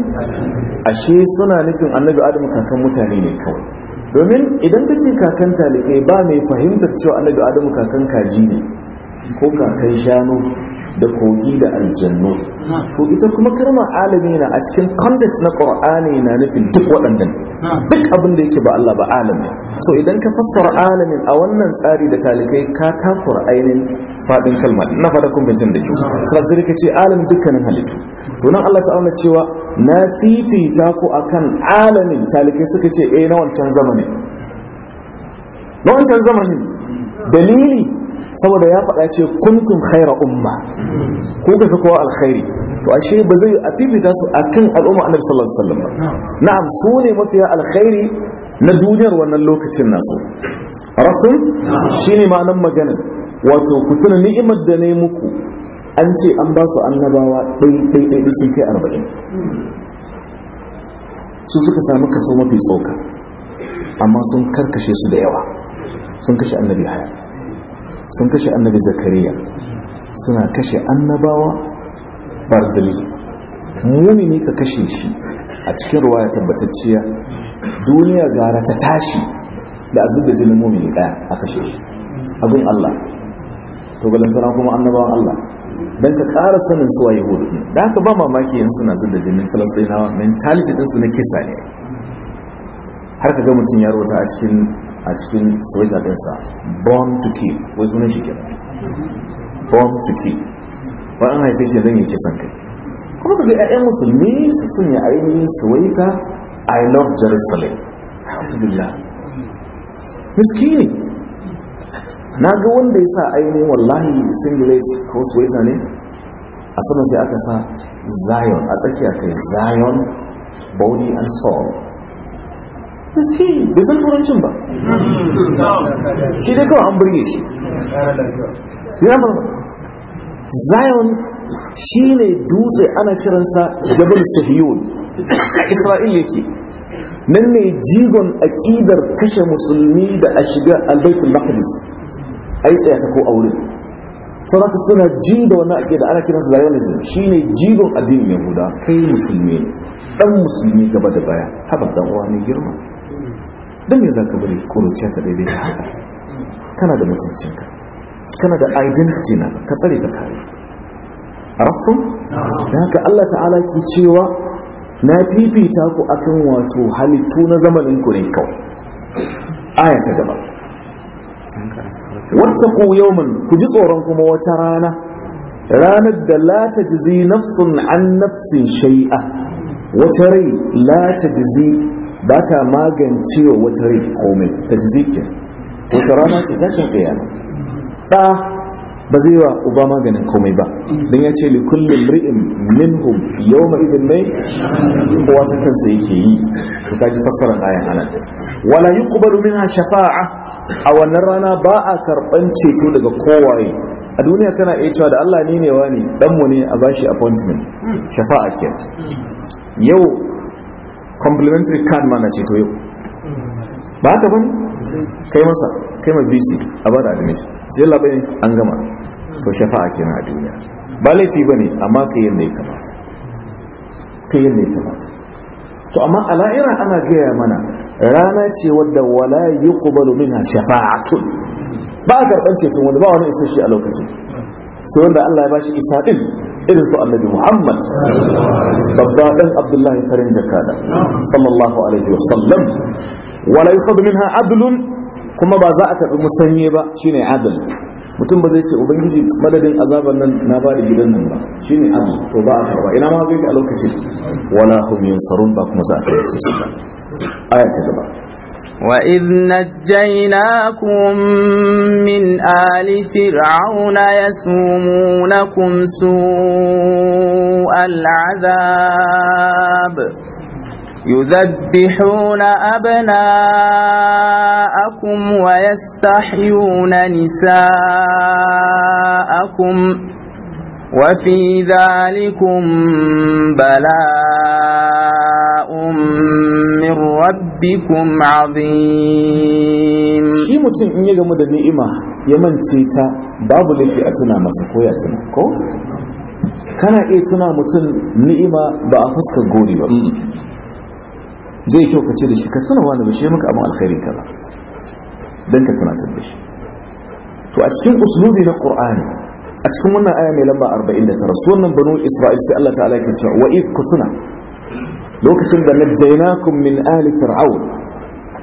[SPEAKER 2] ashe suna nufin annabi adamu kakan mutane ne kawai domin idan ka ce kakan talikai ba mai fahimtar cewa annabi adamu kakan kaji ne ko kakan shanu da kogi da aljannu to ita kuma karma alami na a cikin context na qur'ani na nufin duk waɗannan duk abin da yake ba Allah ba alami so idan ka fassara alamin a wannan tsari da talikai ka takura ainihin fadin kalma na fata kun bincin da kyau sai ka ce alamin dukkanin halittu to nan Allah ta'ala cewa na fifita ku akan alamin talikai suka ce eh na wancan zamanin na wancan zamanin dalili saboda ya faɗa ce kuntum khaira umma ko ka fi kowa alkhairi to ashe ba zai a fifita su akan al'umma annabi sallallahu alaihi wasallam na'am su ne mafiya alkhairi na duniyar wannan lokacin nasu rafin shine ma'anar magana wato ku tuna ni'imar da ne muku an ce an ba su annabawa ɗaiɗaiɗaiɗai sun kai arba'in su suka sami kaso mafi tsoka amma sun karkashe su da yawa sun kashe annabi haya sun kashe annabi zakariya suna kashe annabawa bardali mumini ka kashe shi a cikin ruwaya tabbatacciya duniya gara ta tashi da azub da jinin mumini daya a kashe shi abin Allah to kuma annabawan Allah don ka ƙara sanin suwa ne, da haka ba mamaki yin suna zub da talasai na mentality ɗinsu na kisa ne har ka ga mutum ya rota a cikin a cikin soyayya ɗinsa born to kill wai sunan shi kira born to kill ba an haife shi don yin kisan kai kuma kaga ɗaya musulmi su yi ainihin soyayya i love jerusalem alhamdulillah miskini na ga wanda ya sa ainihin wallahi singlet ko soyayya ne a sama sai aka sa zion a tsakiya kai zion body and soul miskini bai ba shi an burge shi zion shi ne dutse ana kiransa jabal sahiyun a isra'il yake nan ne jigon aƙidar kashe musulmi da a shiga albaitul maqdis a yi ta ko aure sau suna ji da wannan aƙida ana kiransa zionism shi ne jigon addinin yahuda kai musulmi ne ɗan musulmi gaba da baya haba ɗan uwa ne girma don me za ka bari kuruciya ta daidai ta haka kana da mutuncinka kana da identity na ka tsare ka kare arafkun da haka allah ta'ala ke cewa na fifita ku a kan wato halittu na zamanin ku ne kawai aya ta gaba wata ku man ku ji tsoron kuma wata rana ranar da la ta jizi nafsun an nafsin shai'a wata rai la ta jizi ba ta magance wa wata rai komai ta ji zikin wata rana ce ta shafi yana ba ba zai wa uba maganin komai ba don ya ce kullum ri'in minhum yau ma idin mai kowa ta kansa yake yi ta ji fassarar ayan anan wala yi kubaru ha shafa'a a wannan rana ba a karɓan ceto daga kowaye a duniya kana iya cewa da Allah ne ne wani ɗanmu ne a bashi appointment shafa'a ke yau Complementary card ma na ce to yau ba haka bane kai masa kai ma bc a bada admission sai labai an gama to shafa'a kenan a duniya ba laifi ba ne amma kai yi ya kamata kai yanda ya kamata to amma a la'ira ana gaya mana rana ce wadda wala yuqbalu minha shafa'atun ba a karɓar ceton wani ba wani isa shi a lokacin sai wanda Allah ya bashi isa din irin su annabi muhammad babba dan abdullahi farin jakada sallallahu alaihi wa sallam wala yukhadhu minha adlun kuma ba za a karɓi musanye ba shine adl mutum ba zai ce ubangiji madadin azaban nan na ba da gidan nan ba shine adl to ba a karba ina ma zai a lokacin wala hum yansarun ba kuma za a karbi su ba
[SPEAKER 4] aya ta gaba وَإِذْ نَجَّيْنَاكُمْ مِنْ آلِ فِرْعَوْنَ يَسُومُونَكُمْ سُوءَ الْعَذَابِ يُذَبِّحُونَ أَبْنَاءَكُمْ وَيَسْتَحْيُونَ نِسَاءَكُمْ وفي ذلكم بلاء من ربكم عظيم shi mutum in ya gamu da ni'ima ya
[SPEAKER 2] mance ta babu laifi a tuna masa ko ya tuna ko kana iya tuna mutum ni'ima ba a fuskar gori ba mm. zai kyau ka ce da shi ka tuna wani ba shi maka abin alkhairi ka ba don ka tuna tabbashi to a cikin uslubi na qur'ani a cikin wannan aya mai lamba 49 su wannan banu isra'il sai Allah ta'ala ke cewa wa if kutuna lokacin da najjaynakum min ali fir'aun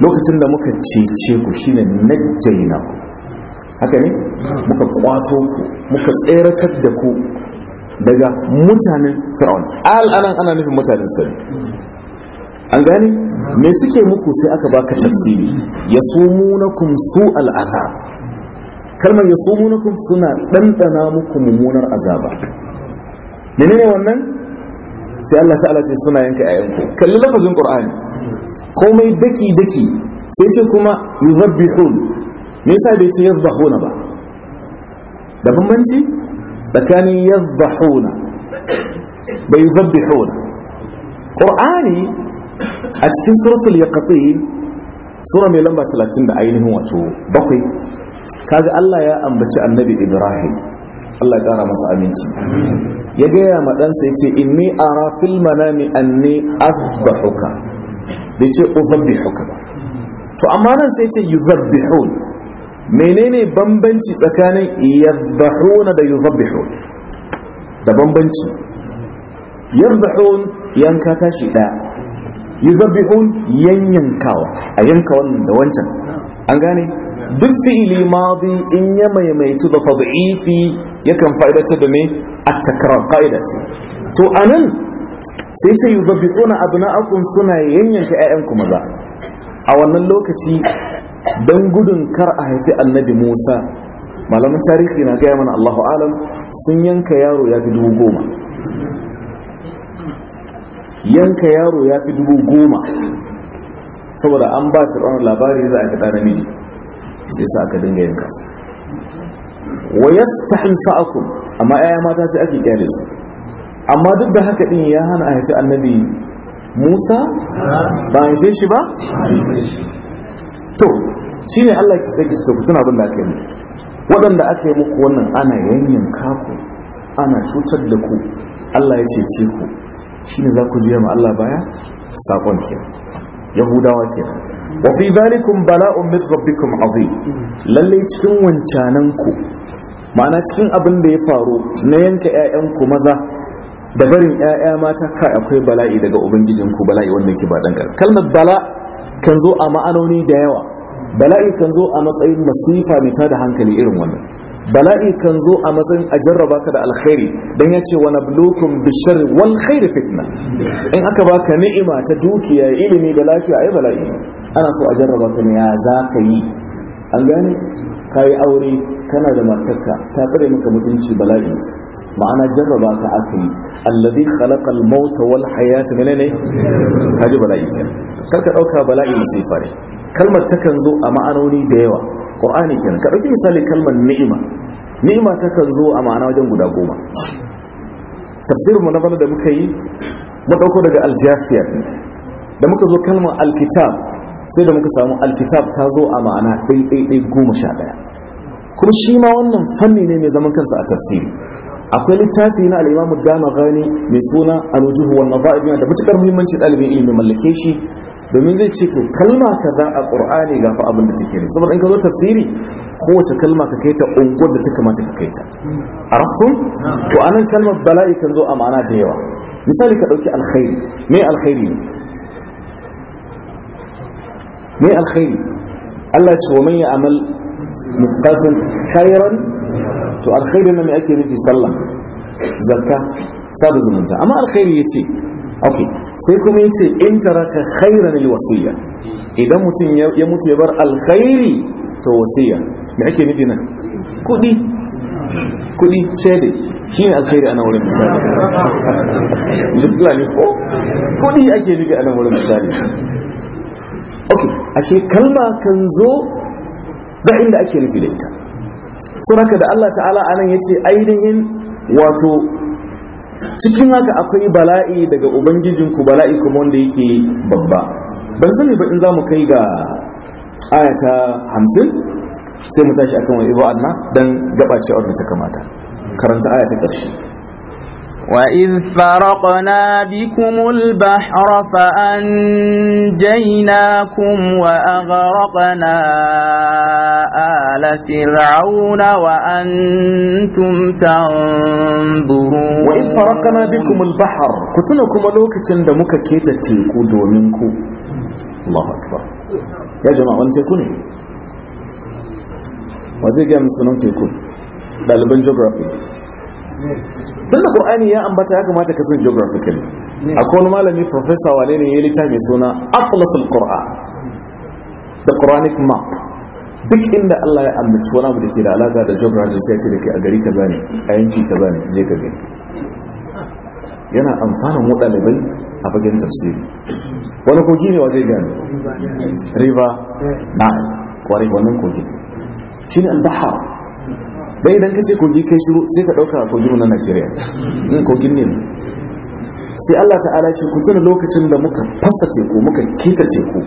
[SPEAKER 2] lokacin da muka cece ku shine najjaynakum haka ne muka kwato ku muka tseratar da ku daga mutanen fir'aun al anan ana nufin mutanen sai an gani? me suke muku sai aka baka tafsiri yasumunakum su al'azab kalmar ya sumunukum suna ɗanɗana muku mummunar azaba menene wannan sai Allah ta'ala ce suna yanka ayyanku kalli lafazin qur'ani komai daki daki sai ce kuma yuzabbihun me yasa bai ce yadhbahuna ba da bambanci tsakanin yadhbahuna bai yuzabbihuna qur'ani a cikin suratul yaqatin sura mai lamba 30 da ainihin wato bakwai kaga Allah ya ambaci annabi Ibrahim Allah ya kara masa aminci ya gaya ma ɗansa ya ce inni ara fil manami anni azbahuka da ce uzabbihuka ba to amma nan sai ce yuzabbihun menene bambanci tsakanin yazbahuna da yuzabbihun da bambanci yazbahun yanka tashi ɗaya yuzabbihun yanyankawa a yanka wannan da wancan an gane duk fi'ili madi in ya maimaitu da tad'ifi yakan fa'idatar da me at-takrar qa'ida to anan sai ce yubabbiquna abna'akum suna yanyanka ku maza a wannan lokaci don gudun kar a haifi annabi Musa malamin tarihi na gaya mana Allahu alam sun yanka yaro ya fi dubu goma yanka yaro ya fi dubu goma saboda an ba shi fir'aunar labari za a kaɗa namiji sai sa aka dinga yin kasa wa sa'akum amma yaya mata sai ake kyale su amma duk da haka din ya hana a haifi annabi Musa ba a haife shi ba to ne Allah ki take su kuna bin da aka yi waɗanda aka yi muku wannan ana yanyan kaku ana cutar da ku Allah ya cece ku shine za ku je ma Allah baya sakon ke Yahudawa kenan wa fi zalikum bala'un min rabbikum azim lalle cikin wancanan ku ma'ana cikin abin da ya faru na yanka ƴaƴan ku maza da barin ƴaƴa mata ka akwai bala'i daga ubangijin ku bala'i wanda yake ba dan kalmar bala kan zo a ma'anoni da yawa bala'i kan zo a matsayin masifa mai tada hankali irin wannan bala'i kan zo a matsayin a jarraba ka da alkhairi don ya ce wani blokun bishar wal khairi fitna in aka baka ni'ima ta dukiya ilimi da lafiya ai bala'i ana so a jarraba ka ya za ka yi an gane ka yi aure kana da matarka ta tsare maka mutunci bala'i ma'ana jarraba ka aka yi Alladhi khalaqa al-mauta wal hayata menene kaji bala'i kar ka dauka bala'i musifa ne kalmar takan zo a ma'anoni da yawa qur'ani kenan ka dauki misali kalmar ni'ima ni'ima takan zo a ma'ana wajen guda goma tafsirin mu na bana da muka yi mu dauko daga al-jafiyat da muka zo kalmar al-kitab sai da muka samu alkitab ta zo a ma'ana ɗaiɗaiɗai goma sha ɗaya kuma shi ma wannan fanni ne mai zaman kansa a tafsiri akwai littafi na al'imamu dama gani mai suna alujuhu wannan ba'a yana da matuƙar muhimmanci ɗalibin ilimi mallake shi domin zai ce to kalma kaza a qur'ani ga fa abin da take ne saboda in ka zo tafsiri kowace kalma ka kai ta unguwar da ta kamata ka kaita araftum to anan kalmar bala'i kan zo a ma'ana da yawa misali ka ɗauki alkhairi me alkhairi Mai alkhairi Allah ce wa man ya amal mithqatan khairan to alkhairi na me ake nufi sallah zakka sabu zumunta amma alkhairi yace okay sai kuma yace in taraka khairan alwasiya idan mutum ya mutu ya bar alkhairi to wasiya me ake nufi nan kudi kudi cede shi ne alkhairi ana wurin misali lukla ne ko kudi ake nufi ana wurin misali ok ashe kalma kan zo da inda ake nufi da ita haka da Allah ta'ala anan ya ce ainihin wato cikin haka akwai bala'i daga ubangijinku bala'i kuma wanda yake babba ban sani ba in za mu kai ga ayata hamsin sai mu tashi akan wani ibo adna don gaba ce wadda ta kamata karanta ayata ƙarshe
[SPEAKER 4] وإذ فرقنا بكم البحر فأنجيناكم وأغرقنا آل فرعون وأنتم تنظرون وإذ فرقنا بكم البحر
[SPEAKER 2] كتنكم لوك تندمك كيتا تيكو دومينكو الله أكبر يا جماعة وانت تكوني وزي جامل سنون تيكو دالبن جغرافي don da ƙwa'ani ya ambata ya kamata ka sun geographical akwai wani malami professor wane ne ya mai suna atlasul qur'an the quranic map duk inda Allah ya ambata suna mu da ke da alaƙa da geography sai ce da ke a gari ka zane a yanki ka zane je ka gani yana amfanin mu ɗalibai a fagen tafsiri wani kogi ne wa zai gani river nile kwarai wannan kogi shi ne al-bahar dan idan ka ce kogi kai shiru sai ka dauka kogin na Najeriya in hmm, kogin ne sai Allah ta'ala ce ku tuna lokacin da muka fassa teku muka kika teku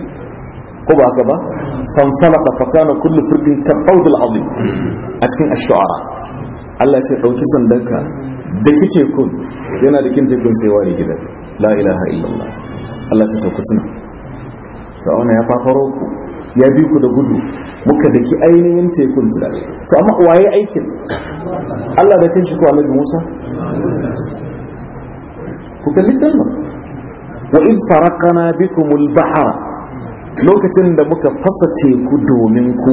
[SPEAKER 2] ko ba haka ba fanfalaka fakana kullu firqin ka qawdul azim a cikin ash-shu'ara Allah ce dauki sandanka da kice kun yana da kin tekun sai wani gidan la ilaha illallah Allah ya ta ku tuna fir'auna ya fafaro ku ya bi ku da gudu muka daki ainihin tekun jira to amma waye aikin Allah da kanshi ko Annabi Musa ku kalli dalma wa in faraqana bikum al-bahra lokacin da muka fasa teku domin ku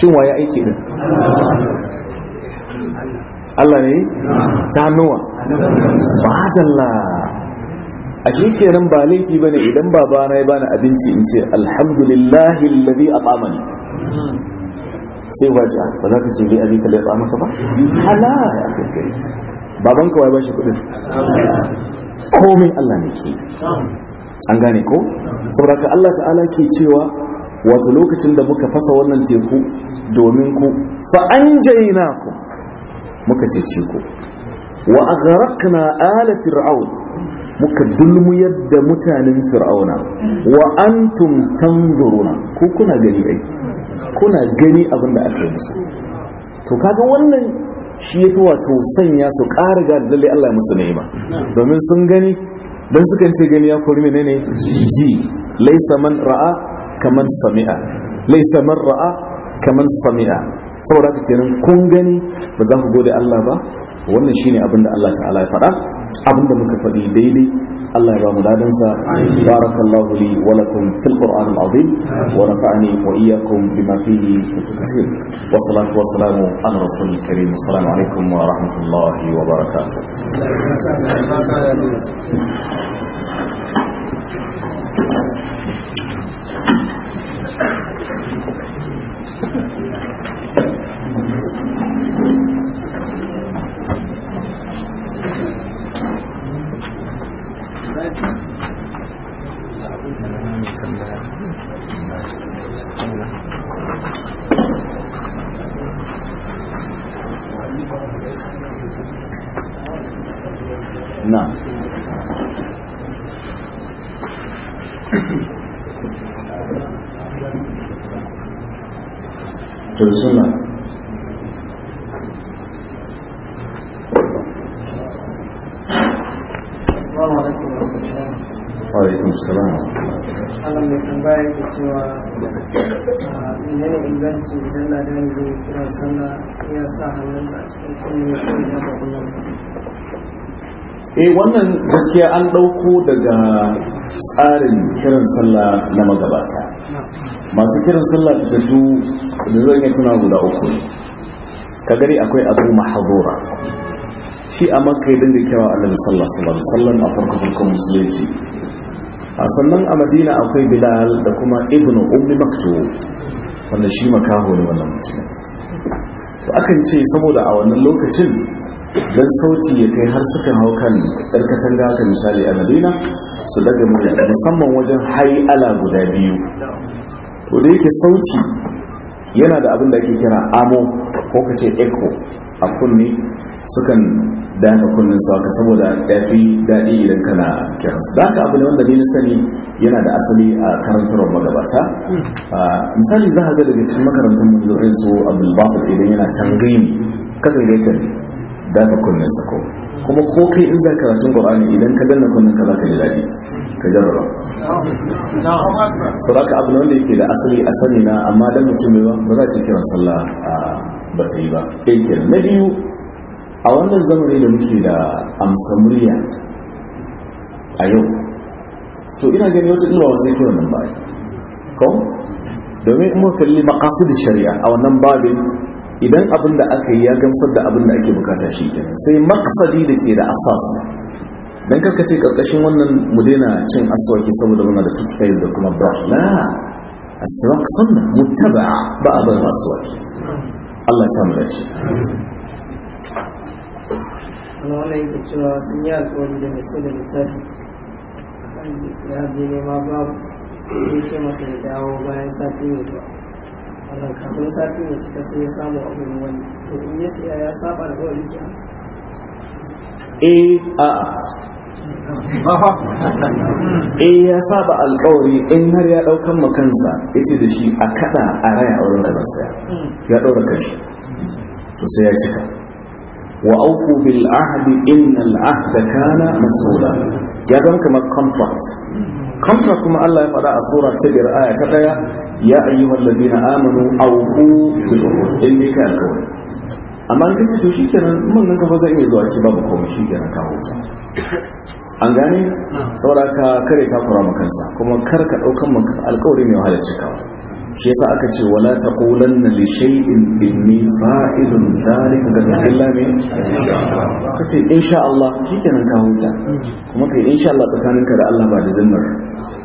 [SPEAKER 2] shin waye aiki din Allah ne ta nuwa ba a shi kenan ba laifi bane idan babana ya bani abinci in ce alhamdulillahi alladhi at'amani sai waje ba za ka ce dai abin kalai ba maka ba hala ya kai kai baban kawai bashi shi kudin komai Allah ne ke an gane ko saboda ka Allah ta'ala ke cewa wato lokacin da muka fasa wannan teku domin ku fa ku, muka ce ku wa aghraqna ala fir'aun muka dulmuyar da mutanen fir'auna wa antum tanzuruna ko kuna gani ai kuna gani abin da aka yi musu to kaga wannan shi yafi wato sanya su ƙara ga lalle Allah ya musu ni'ima domin sun gani dan sukan ce gani ya kori menene ji laysa man ra'a kaman sami'a laysa man ra'a kaman sami'a saboda haka kenan kun gani ba za ku gode Allah ba wannan shine abin da Allah ta'ala ya faɗa abin da muka faɗi daidai Allah ya ba mu ladansa barakallahu li wa lakum fil qur'an al azim wa rafa'ani wa iyyakum bima fihi kaseer wa salatu wa salamu ala rasulil karim assalamu alaikum wa rahmatullahi wa barakatuh
[SPEAKER 3] Thank you.
[SPEAKER 5] cewa menene idan kiran ya sa hannunsa a cikin kunne ya ya
[SPEAKER 2] eh wannan gaskiya an ɗauko daga tsarin kiran sallah na magabata masu kiran sallah fitattu da zan yi tuna guda uku ne ka gari akwai abu mahazura shi a makai dinga kira annabi sallallahu alaihi wasallam a farko farkon musulunci a sannan a madina akwai bilal da kuma ibn ummi Makto, wanda shi makaho ne wannan mutumin to akan ce saboda a wannan lokacin don sauti ya kai har suka hau kan ɗan katanga ta misali a madina su daga da musamman wajen hari ala guda biyu to da yake sauti yana da abin da ake kira amo ko kace echo a kunni sukan daga kunnin su haka saboda yafi daɗi idan kana kiransu da haka abu ne wanda ni na sani yana da asali a karantarwar magabata hmm. misali za a ga daga cikin makarantun manzorin su abdulbasir idan yana can gaini kaga gaita ne daga kunnin sa ko kuma ko kai in za karatun qur'ani idan ka danna kunnen ka za ka ji daɗi ka jarraba saboda haka abu ne wanda yake da asali asali na amma dan mutum ba za a ce kiran sallah ba ta yi ba ɗai na biyu a wannan zamani da muke da amsa murya a yau so ina gani wata ɗin ba wasu kai wannan ba ko domin in muka kalli da shari'a a wannan babin idan abin da aka yi ya gamsar da abin da ake bukata shi kenan sai maksadi da ke da asas dan karka ce karkashin wannan mu daina cin aswaki saboda muna da toothpaste da kuma bra la aswak sunna muttaba ba abin aswaki Allah ya samu dace
[SPEAKER 5] kuma wannan yake cewa sun yi alkawari da mai sai da littafi ya je nema babu zai ce masa ya dawo bayan sati mai zuwa wannan kafin sati mai cika sai ya samu abin wani to in ya saya ya saba da kawai
[SPEAKER 3] eh a'a.
[SPEAKER 2] E, ya saba alkawari in har ya daukan makansa yace da shi a kada a raya auren da ban saya hmm. ya daura kanshi to sai ya cika wa aufu bil ahdi innal ahda kana mas'ula ya zama kamar contract contract kuma Allah ya faɗa a sura ta biyar aya ta daya ya ayyuhal ladina amanu aufu bil uhud in ka alkawari amma in kace to shikenan mun nan ka fa zai iya zuwa ci babu komai shikenan ka huta an gane saboda ka kare takura makansa kuma kar ka daukan maka alƙawari mai wahalar cikawa shi yasa aka ce wala taqulanna li shay'in inni fa'ilun zalika ga illa me kace insha Allah kikenan ka huta kuma kai insha Allah tsakaninka da Allah ba da zimmar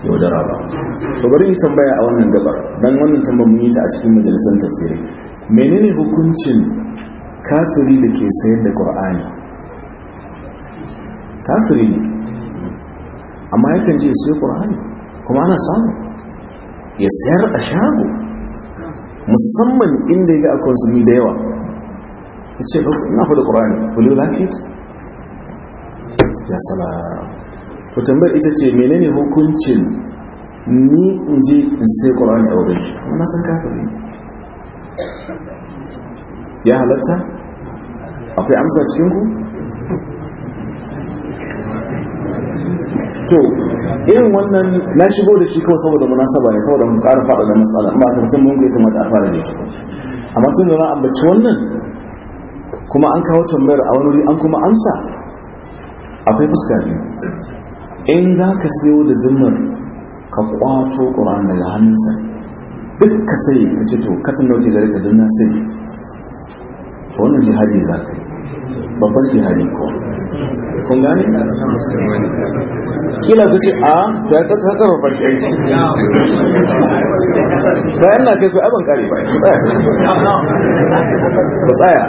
[SPEAKER 2] yaudara ba to bari in tambaya a wannan gabar dan wannan tambayar mun yi ta a cikin majalisar tafsiri menene hukuncin kafiri da ke sayar da Qur'ani kafiri ne amma yakan je sai Qur'ani? kuma ana samu ya sayar a shago musamman inda ya ga akwai musulmi da yawa ya ce na faɗi ƙur'ani wani lafiya ya sala to tambayar ita ce menene hukuncin ni in je in sai Qur'ani a wurin shi amma san kafin ya halatta akwai amsa cikinku to irin wannan na shigo da shi kawai saboda munasaba ne saboda mun ƙara faɗa da matsala ba ta mutum mun kai kuma da fara ne amma tun da na ambaci wannan kuma an kawo tambayar a wani an kuma amsa akwai fuska ne in za ka sayo da zimmar ka kwato ƙuran daga hannunsa duk ka sai ka ce to katin nauke gare ka dinna sai wannan jihadi za ka yi babban jihadi ko kun gane kila ku ce a ah, to ya tsaka kafa farkai bayan na kai ku abin kare ba ku tsaya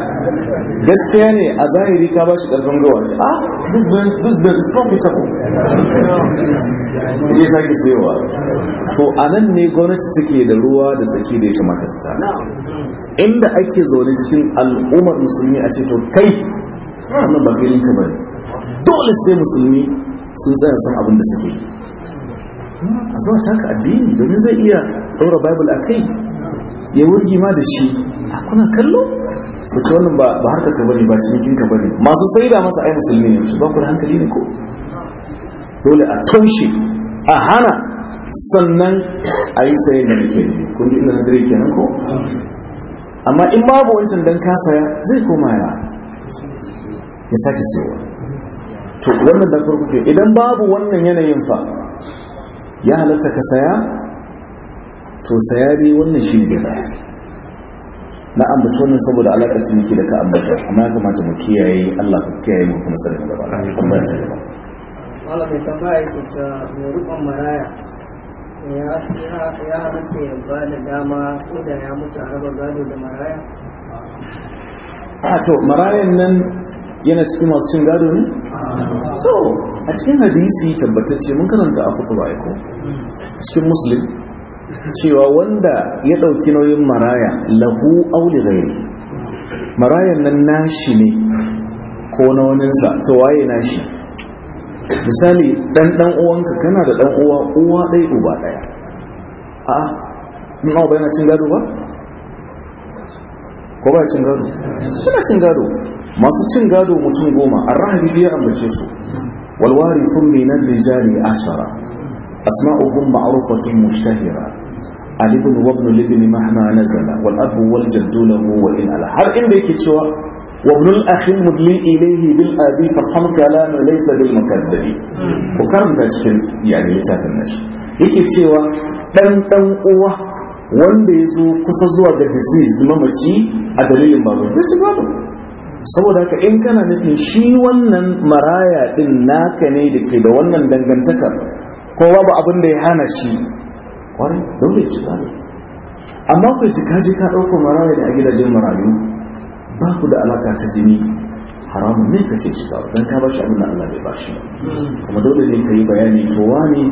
[SPEAKER 2] gaskiya ne a zahiri ka ba shi karfin gawa a
[SPEAKER 1] bizbin ah, is profitable
[SPEAKER 3] ya
[SPEAKER 2] sake tsayawa to a nan ne gwamnati take da ruwa da tsaki da ya kamata ta inda ake zaune cikin al'ummar musulmi a ce to kai wannan ba filin ka bane dole sai musulmi sun tsaya san abin da suke a zuwa taka addini domin zai iya daura bible a kai ya wurgi ma da shi a kuna kallo wata wannan ba harkar ka bane ba cikin ka bane masu sai da masa ai musulmi ne su ba ku da hankali ne ko dole a toshe a hana sannan a yi sayin da nake ne kun ji ina dare kenan ko amma in babu wancan dan kasaya zai koma ya ya sake sayowa to wannan na farko ke idan babu wannan yanayin fa ya halatta ka saya to saya ne wannan shi ne na ambaci wannan saboda alaƙar ciniki da ka ambata amma ya kamata mu kiyaye Allah ka kiyaye mu kuma sanin gaba amma ya gaba
[SPEAKER 5] Allah mai tambaya yake ta mai rukun maraya ya halatta ya ba da dama ko da ya mutu a raba gado da maraya
[SPEAKER 2] a to marayan nan yana cikin masu cin gado ne? to a cikin hadisi tabbatacce mun karanta a fuku aiko cikin muslim cewa wanda ya ɗauki nauyin maraya lahu auli gairi marayan nan nashi ne ko na waninsa to waye nashi misali ɗan uwan uwanka kana da ɗan uwa uwa ɗai uba ɗaya a nuna ba yana cin gado ba? ko ba cin gado? suna cin gado masu cin gado mutum goma a rahabi ya ambace su walwari sun minar rijali ashara asma'uhum ma'rufatun mushtahira alibin wabnu libni mahna nazala wal abu wal jaddu lahu wa in ala har inda yake cewa wabnul akhin mudli ilayhi bil abi fa ham kalam laysa bil mukaddabi ko kan cikin yani littafin nashi yake cewa dan dan uwa wanda ya zo kusa zuwa ga disease mamaci a dalilin babu ya ci saboda haka in kana nufin shi wannan maraya din naka ne da ke da wannan dangantaka ko babu abin da ya hana shi kwarai dole ki ba amma ku ji ka ji ka ɗauko maraya da a gidajen marayu ba ku da alaka ta jini haramun ne ka ce shi ba don ka ba shi abin da Allah bai ba shi kuma dole ne ka yi bayani to wani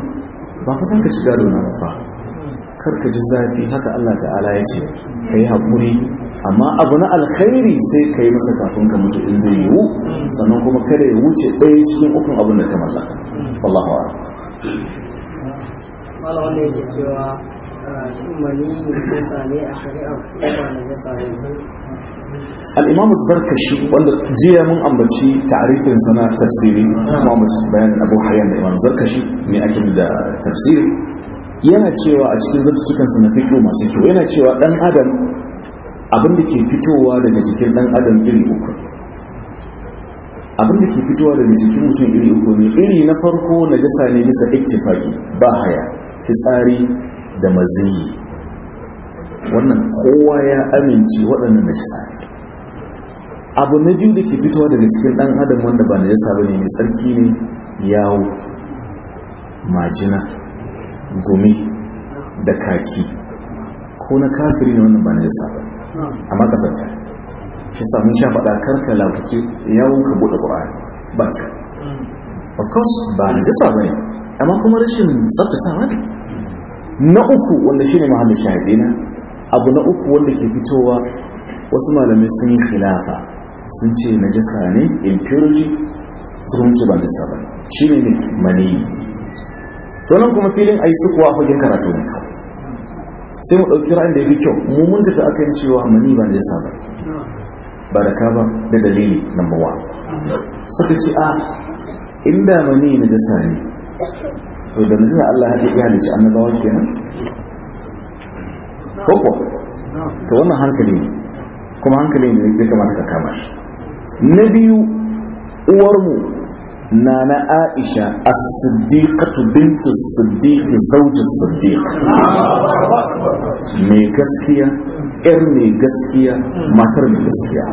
[SPEAKER 2] ba ka san ka ci gado na ba kar ka ji zafi haka Allah ta'ala ya ce ka yi haƙuri amma abu na alkhairi sai ka yi masa kafin ka mutu in zai yiwu sannan kuma kada ya wuce ɗaya cikin ukun abin da ka mallaka wallahu a'lam
[SPEAKER 5] malam wanda yake cewa ah, shin mani najasa ne a shari'a ko ba najasa ne
[SPEAKER 2] الإمام الزركشي wanda jiya mun ambaci ta'arifin sana tafsiri kuma mu bayanin Abu Hayyan da Imam Zarkashi ne ake da tafsiri yana cewa a cikin zartukansa na fiƙo masu kyau yana cewa ɗan adam abin da ke fitowa daga jikin ɗan adam iri uku abin da ke fitowa daga jikin mutum iri uku ne iri na farko na jasa ne bisa iktifaki ba haya fitsari da maziyi wannan kowa ya amince waɗannan na jasa abu na biyu da ke fitowa daga cikin ɗan adam wanda ba na jasa ba ne mai tsarki ne yawo majina gumi da kaki ko na kafiri ne wannan ba na jasa ba amma kasanta shi samun sha faɗa karka lafuke yawon ka buɗe ƙwa'ani ba ka of course ba na jasa ba ne amma kuma rashin tsabtatawa ne na uku wanda shi ne mahallin na abu na uku wanda ke fitowa wasu malamai sun yi khilafa sun ce na jasa ne impurity sun ce ba jasa ba shi ne maniyi to nan kuma filin a yi sukuwa fagen karatu ne sai mu ɗauki ra'ayin da ya fi kyau mu mun tafi aka yin cewa mani ba nisa ba ba da kaba ba da dalili number one suka ce a ah, inda mani na jasa ne to da nuna Allah haɗe ya halici annabawa kenan koko to wannan hankali ne kuma hankali ne ya kamata ka kama shi na biyu uwarmu nana aisha as-siddiqatu bint as-siddiq zawj mai gaskiya yar mai gaskiya matar gaskiya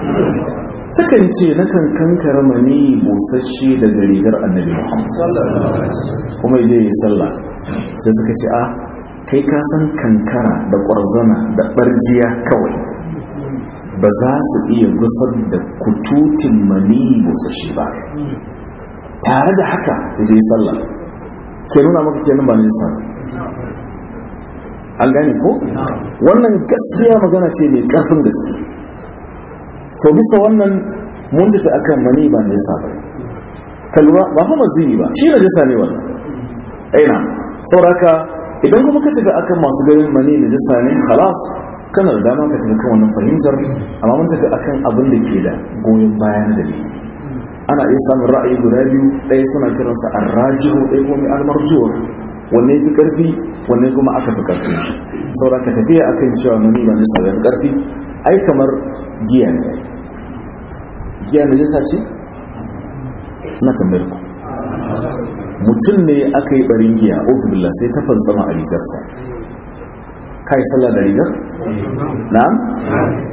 [SPEAKER 2] takan ce na kan kankara mani busasshe daga rigar annabi kuma je ya sallah sai suka ce a ah, kai ka san kankara da ƙwarzana da ɓarjiya kawai ba za su iya gusar da kututun mani busasshe ba tare da haka ya je sallah ke nuna maka kenan ba nisa an gane ko wannan gaskiya magana ce mai karfin gaske to bisa wannan mun tafi akan mani ba nisa ba kalwa ba fa mazini ba shi na jisa ne wannan aina sauraka idan kuma ka tafi akan masu ganin mani da jisa ne halas kana da dama ka tafi kan wannan fahimtar amma mun tafi akan abin da ke da goyon bayan da ne ana iya samun ra'ayi guda biyu ɗaya suna kiransa arrajihu ɗaya kuma almarjuwa wanne fi ƙarfi, wanne kuma aka fi ƙarfi saboda ka tafiya kan cewa mani ba nisa da ƙarfi. ai kamar giya ne giya ne nisa ce na tambayar ku mutum ne aka yi barin giya ofin billah sai ta fantsama a rigarsa kai sallah da rigar na'am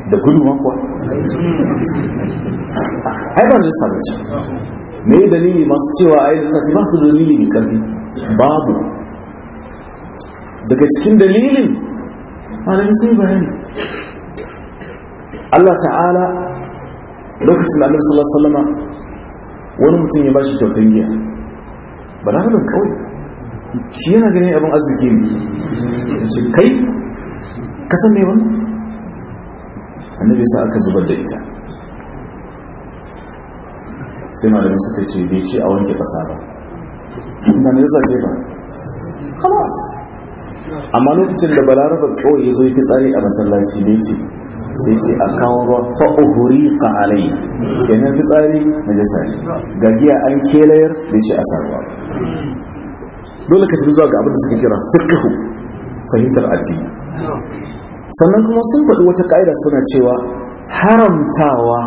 [SPEAKER 2] da gudu makwa ai ba nisa ba ce me yi dalili masu cewa ai nisa ce masu su dalili mai karfi babu daga cikin dalilin malamin sai bayani Allah ta'ala lokacin da Annabi sallallahu alaihi wani mutum ya bashi kyautar giya ba na hannun kawai shi yana ganin abin arziki ne kai kasan mai wani annabi sa aka zubar da ita sai malamin suka ce bai ce a wanke ƙasa ba ba ne yasa ce ba kamas amma lokacin da balaraba kawai ya zo yi fitsari a masallaci bai ce sai ce a kawo ruwa fa'uhuri fa'alai yanar fitsari majasa ne gagiya an kelayar bai ce a sarwa dole ka tafi zuwa ga abin da suka kira fikihu fahimtar addini sannan kuma sun faɗi wata ƙa'ida suna cewa haramtawa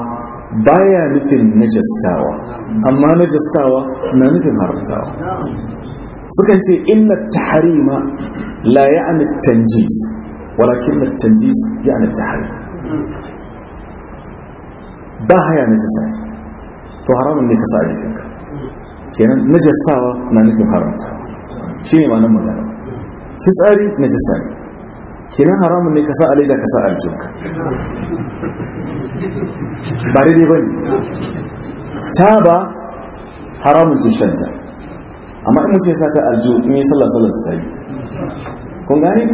[SPEAKER 2] baya nufin najastawa amma najastawa na nufin haramtawa sukan ce inna taharima la ya'ni tanjis walakin tanjis ya'ni taharim ba haya najasa to haramun ne ka sa jikinka kenan najastawa na nufin haramtawa shine ma'anar magana fitsari najasa ne kenan haramun ne ka sa da ka sa aljinka ba daidai ba ne ta ba haramun ce shanta amma in mutum ya sa ta aljo in yi sallah sallah su sai kun gane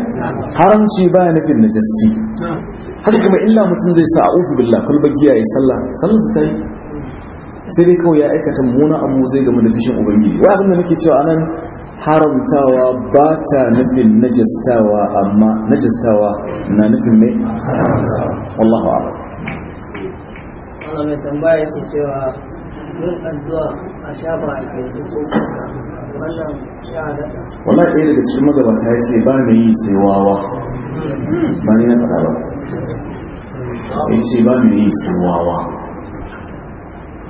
[SPEAKER 2] haramci ba ya nufin najasti haka kuma illa mutum zai sa a ufi billah kulba giya ya sallah sallah su sai sai dai kawai ya aikata muna abu zai gama da bishin ubangiji wa abin da nake cewa anan haramtawa ba ta nufin najastawa amma najastawa na nufin mai haramtawa wallahu a'lam
[SPEAKER 5] mai tambaya cewa yin a a ɗaya
[SPEAKER 2] daga cikin magabata ya ce ba mai yi sai wawa ba ni na faɗa ba ya ce ba mai yi sai wawa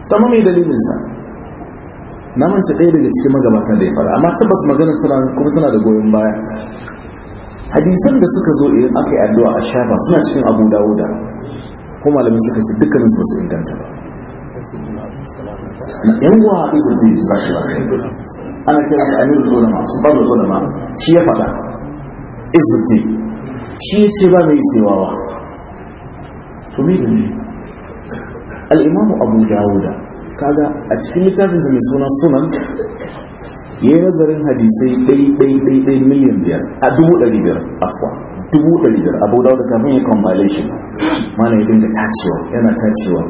[SPEAKER 2] ta mai dalilinsa na mance ɗaya daga cikin magabatan da ya fara amma tabbas maganar tana kuma tana da goyon baya hadisan da suka zo idan aka yi addu'a a shafa suna cikin abu dawuda ko malamin suka ce dukkanin su basu inganta ba
[SPEAKER 3] yan wa haɗu da jini za shi ba
[SPEAKER 2] ana kira su amirul ulama su ba da ulama shi ya faɗa izirti shi ya ce ba mai tsewawa to me da ne al'imamu abu dawuda kaga a cikin sa mai suna sunan ya yi nazarin hadisai ɗai-ɗai-ɗai miliyan biyar a dubu ɗari biyar afuwa dubu ɗari biyar abu da wata kamar ya compilation mana ya dinga tacewa yana tacewa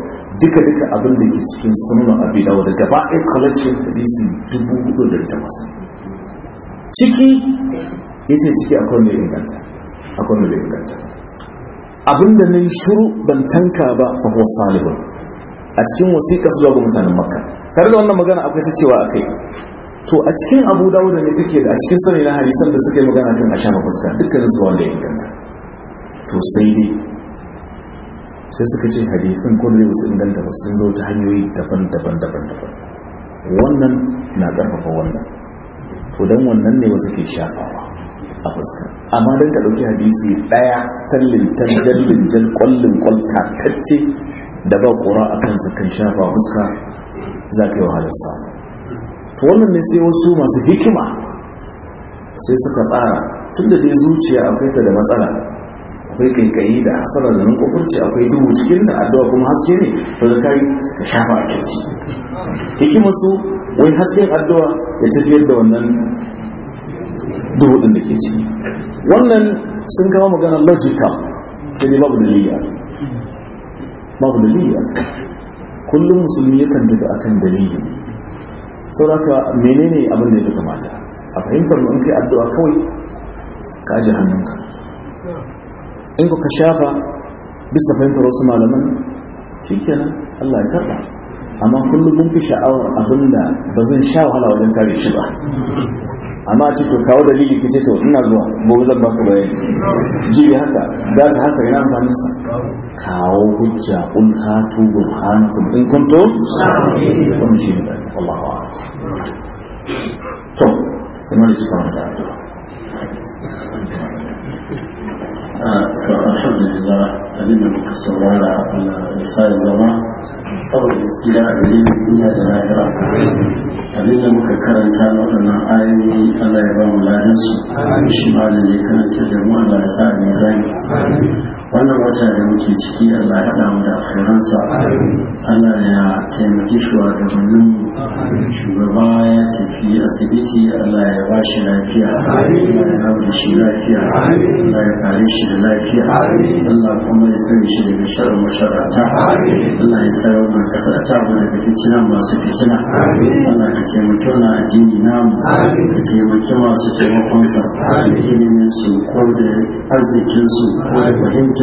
[SPEAKER 2] duka-duka abin da ke cikin sunan abu da wata gaba a collection hadisi dubu hudu da takwas ciki ya ce ciki a mai inganta a mai inganta abin da na yi shuru ban tanka ba fa huwa salihun a cikin wasiƙa zuwa ga mutanen makka tare da wannan magana akwai ta cewa akai to a cikin abu dawuda ne duke da a cikin sani na hadisan da suka yi magana kan a shafa fuska dukkanin su wanda ya inganta to sai dai sai suka ce hadisin ko ne wasu inganta ba sun zo ta hanyoyi daban-daban daban-daban wannan na ƙarfafa wannan to dan wannan ne wasu ke shafawa a fuska amma dan ka ɗauki hadisi ɗaya tallin tallin jal ƙwallin ƙwalta tacce da ba ƙura a kan kan shafa fuska za ka yi wahalarsa to wannan ne sai wasu masu hikima sai suka tsara tun da dai zuciya akwai ta da matsala akwai kankayi da hasara da nan kofurci akwai duhu cikin da addu'a kuma haske ne to da kai suka shafa a kirci hikimar su wai hasken addu'a ya tafiyar da wannan duhu ɗin da ke ciki wannan sun kama magana logical sai dai babu dalili babu dalili kullum musulmi yakan tafi akan dalili sauraka menene abin da ya fi kamata a fahimtar mu in kai addu'a kawai ka aje hannunka in ka shafa bisa fahimtar wasu malaman shi kenan allah ya karɓa amma kullum mun fi sha'awar abin da ba zan sha wahala wajen kare shi ba amma ce to kawo dalili kace to ina zuwa gobe zan baka bayani jibi haka za ta haka yana amfanin sa kawo hujja kun ka tu burhanakum
[SPEAKER 1] in kuntum wannan shi ne Allahu akbar to sanar da subhanahu wa ta'ala alhamdulillah da muka saurara wannan misali zama saboda gaskiya a gare duniya da lahira abin da muka karanta na waɗannan ayoyi Allah ya ba mu ladansu shi ba da ne karanta da mu Allah ya sa ne zai wannan watan da muke ciki Allah ya haɗa mu da alkhairansa Allah ya taimaki shugabannin shugaba ya tafi asibiti Allah ya ba shi lafiya Allah ya rabu shi lafiya Allah ya kare shi da lafiya Allah kuma ya sani shi daga sharar masharata Allah ya tsara wannan ƙasa ta mu daga fitina masu fitina Allah ka taimaki wani addini namu ka taimaki masu taimakonsa ilimin su ko da su ko da fahimta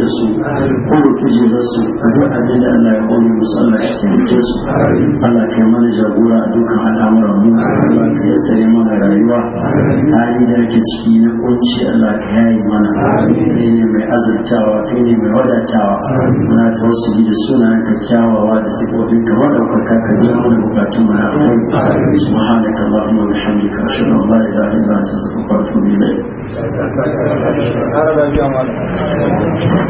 [SPEAKER 1] darajar su kuma kujerar su a duk abin da Allah ya musu Allah ya taimake su Allah kai mana jagora a dukkan al'amuran mu Allah ya tsare mana rayuwa hali da ake ciki na kunci Allah ka yayi mana kai ne mai azurtawa kai ne mai wadatawa muna tausiri da suna ka kyawawa da sifofin ka madaukaka ka biya mana bukatun mu na kai subhanaka allahumma bihamdika ashhadu an la ilaha illa anta astaghfiruka wa atubu ilayk Thank you.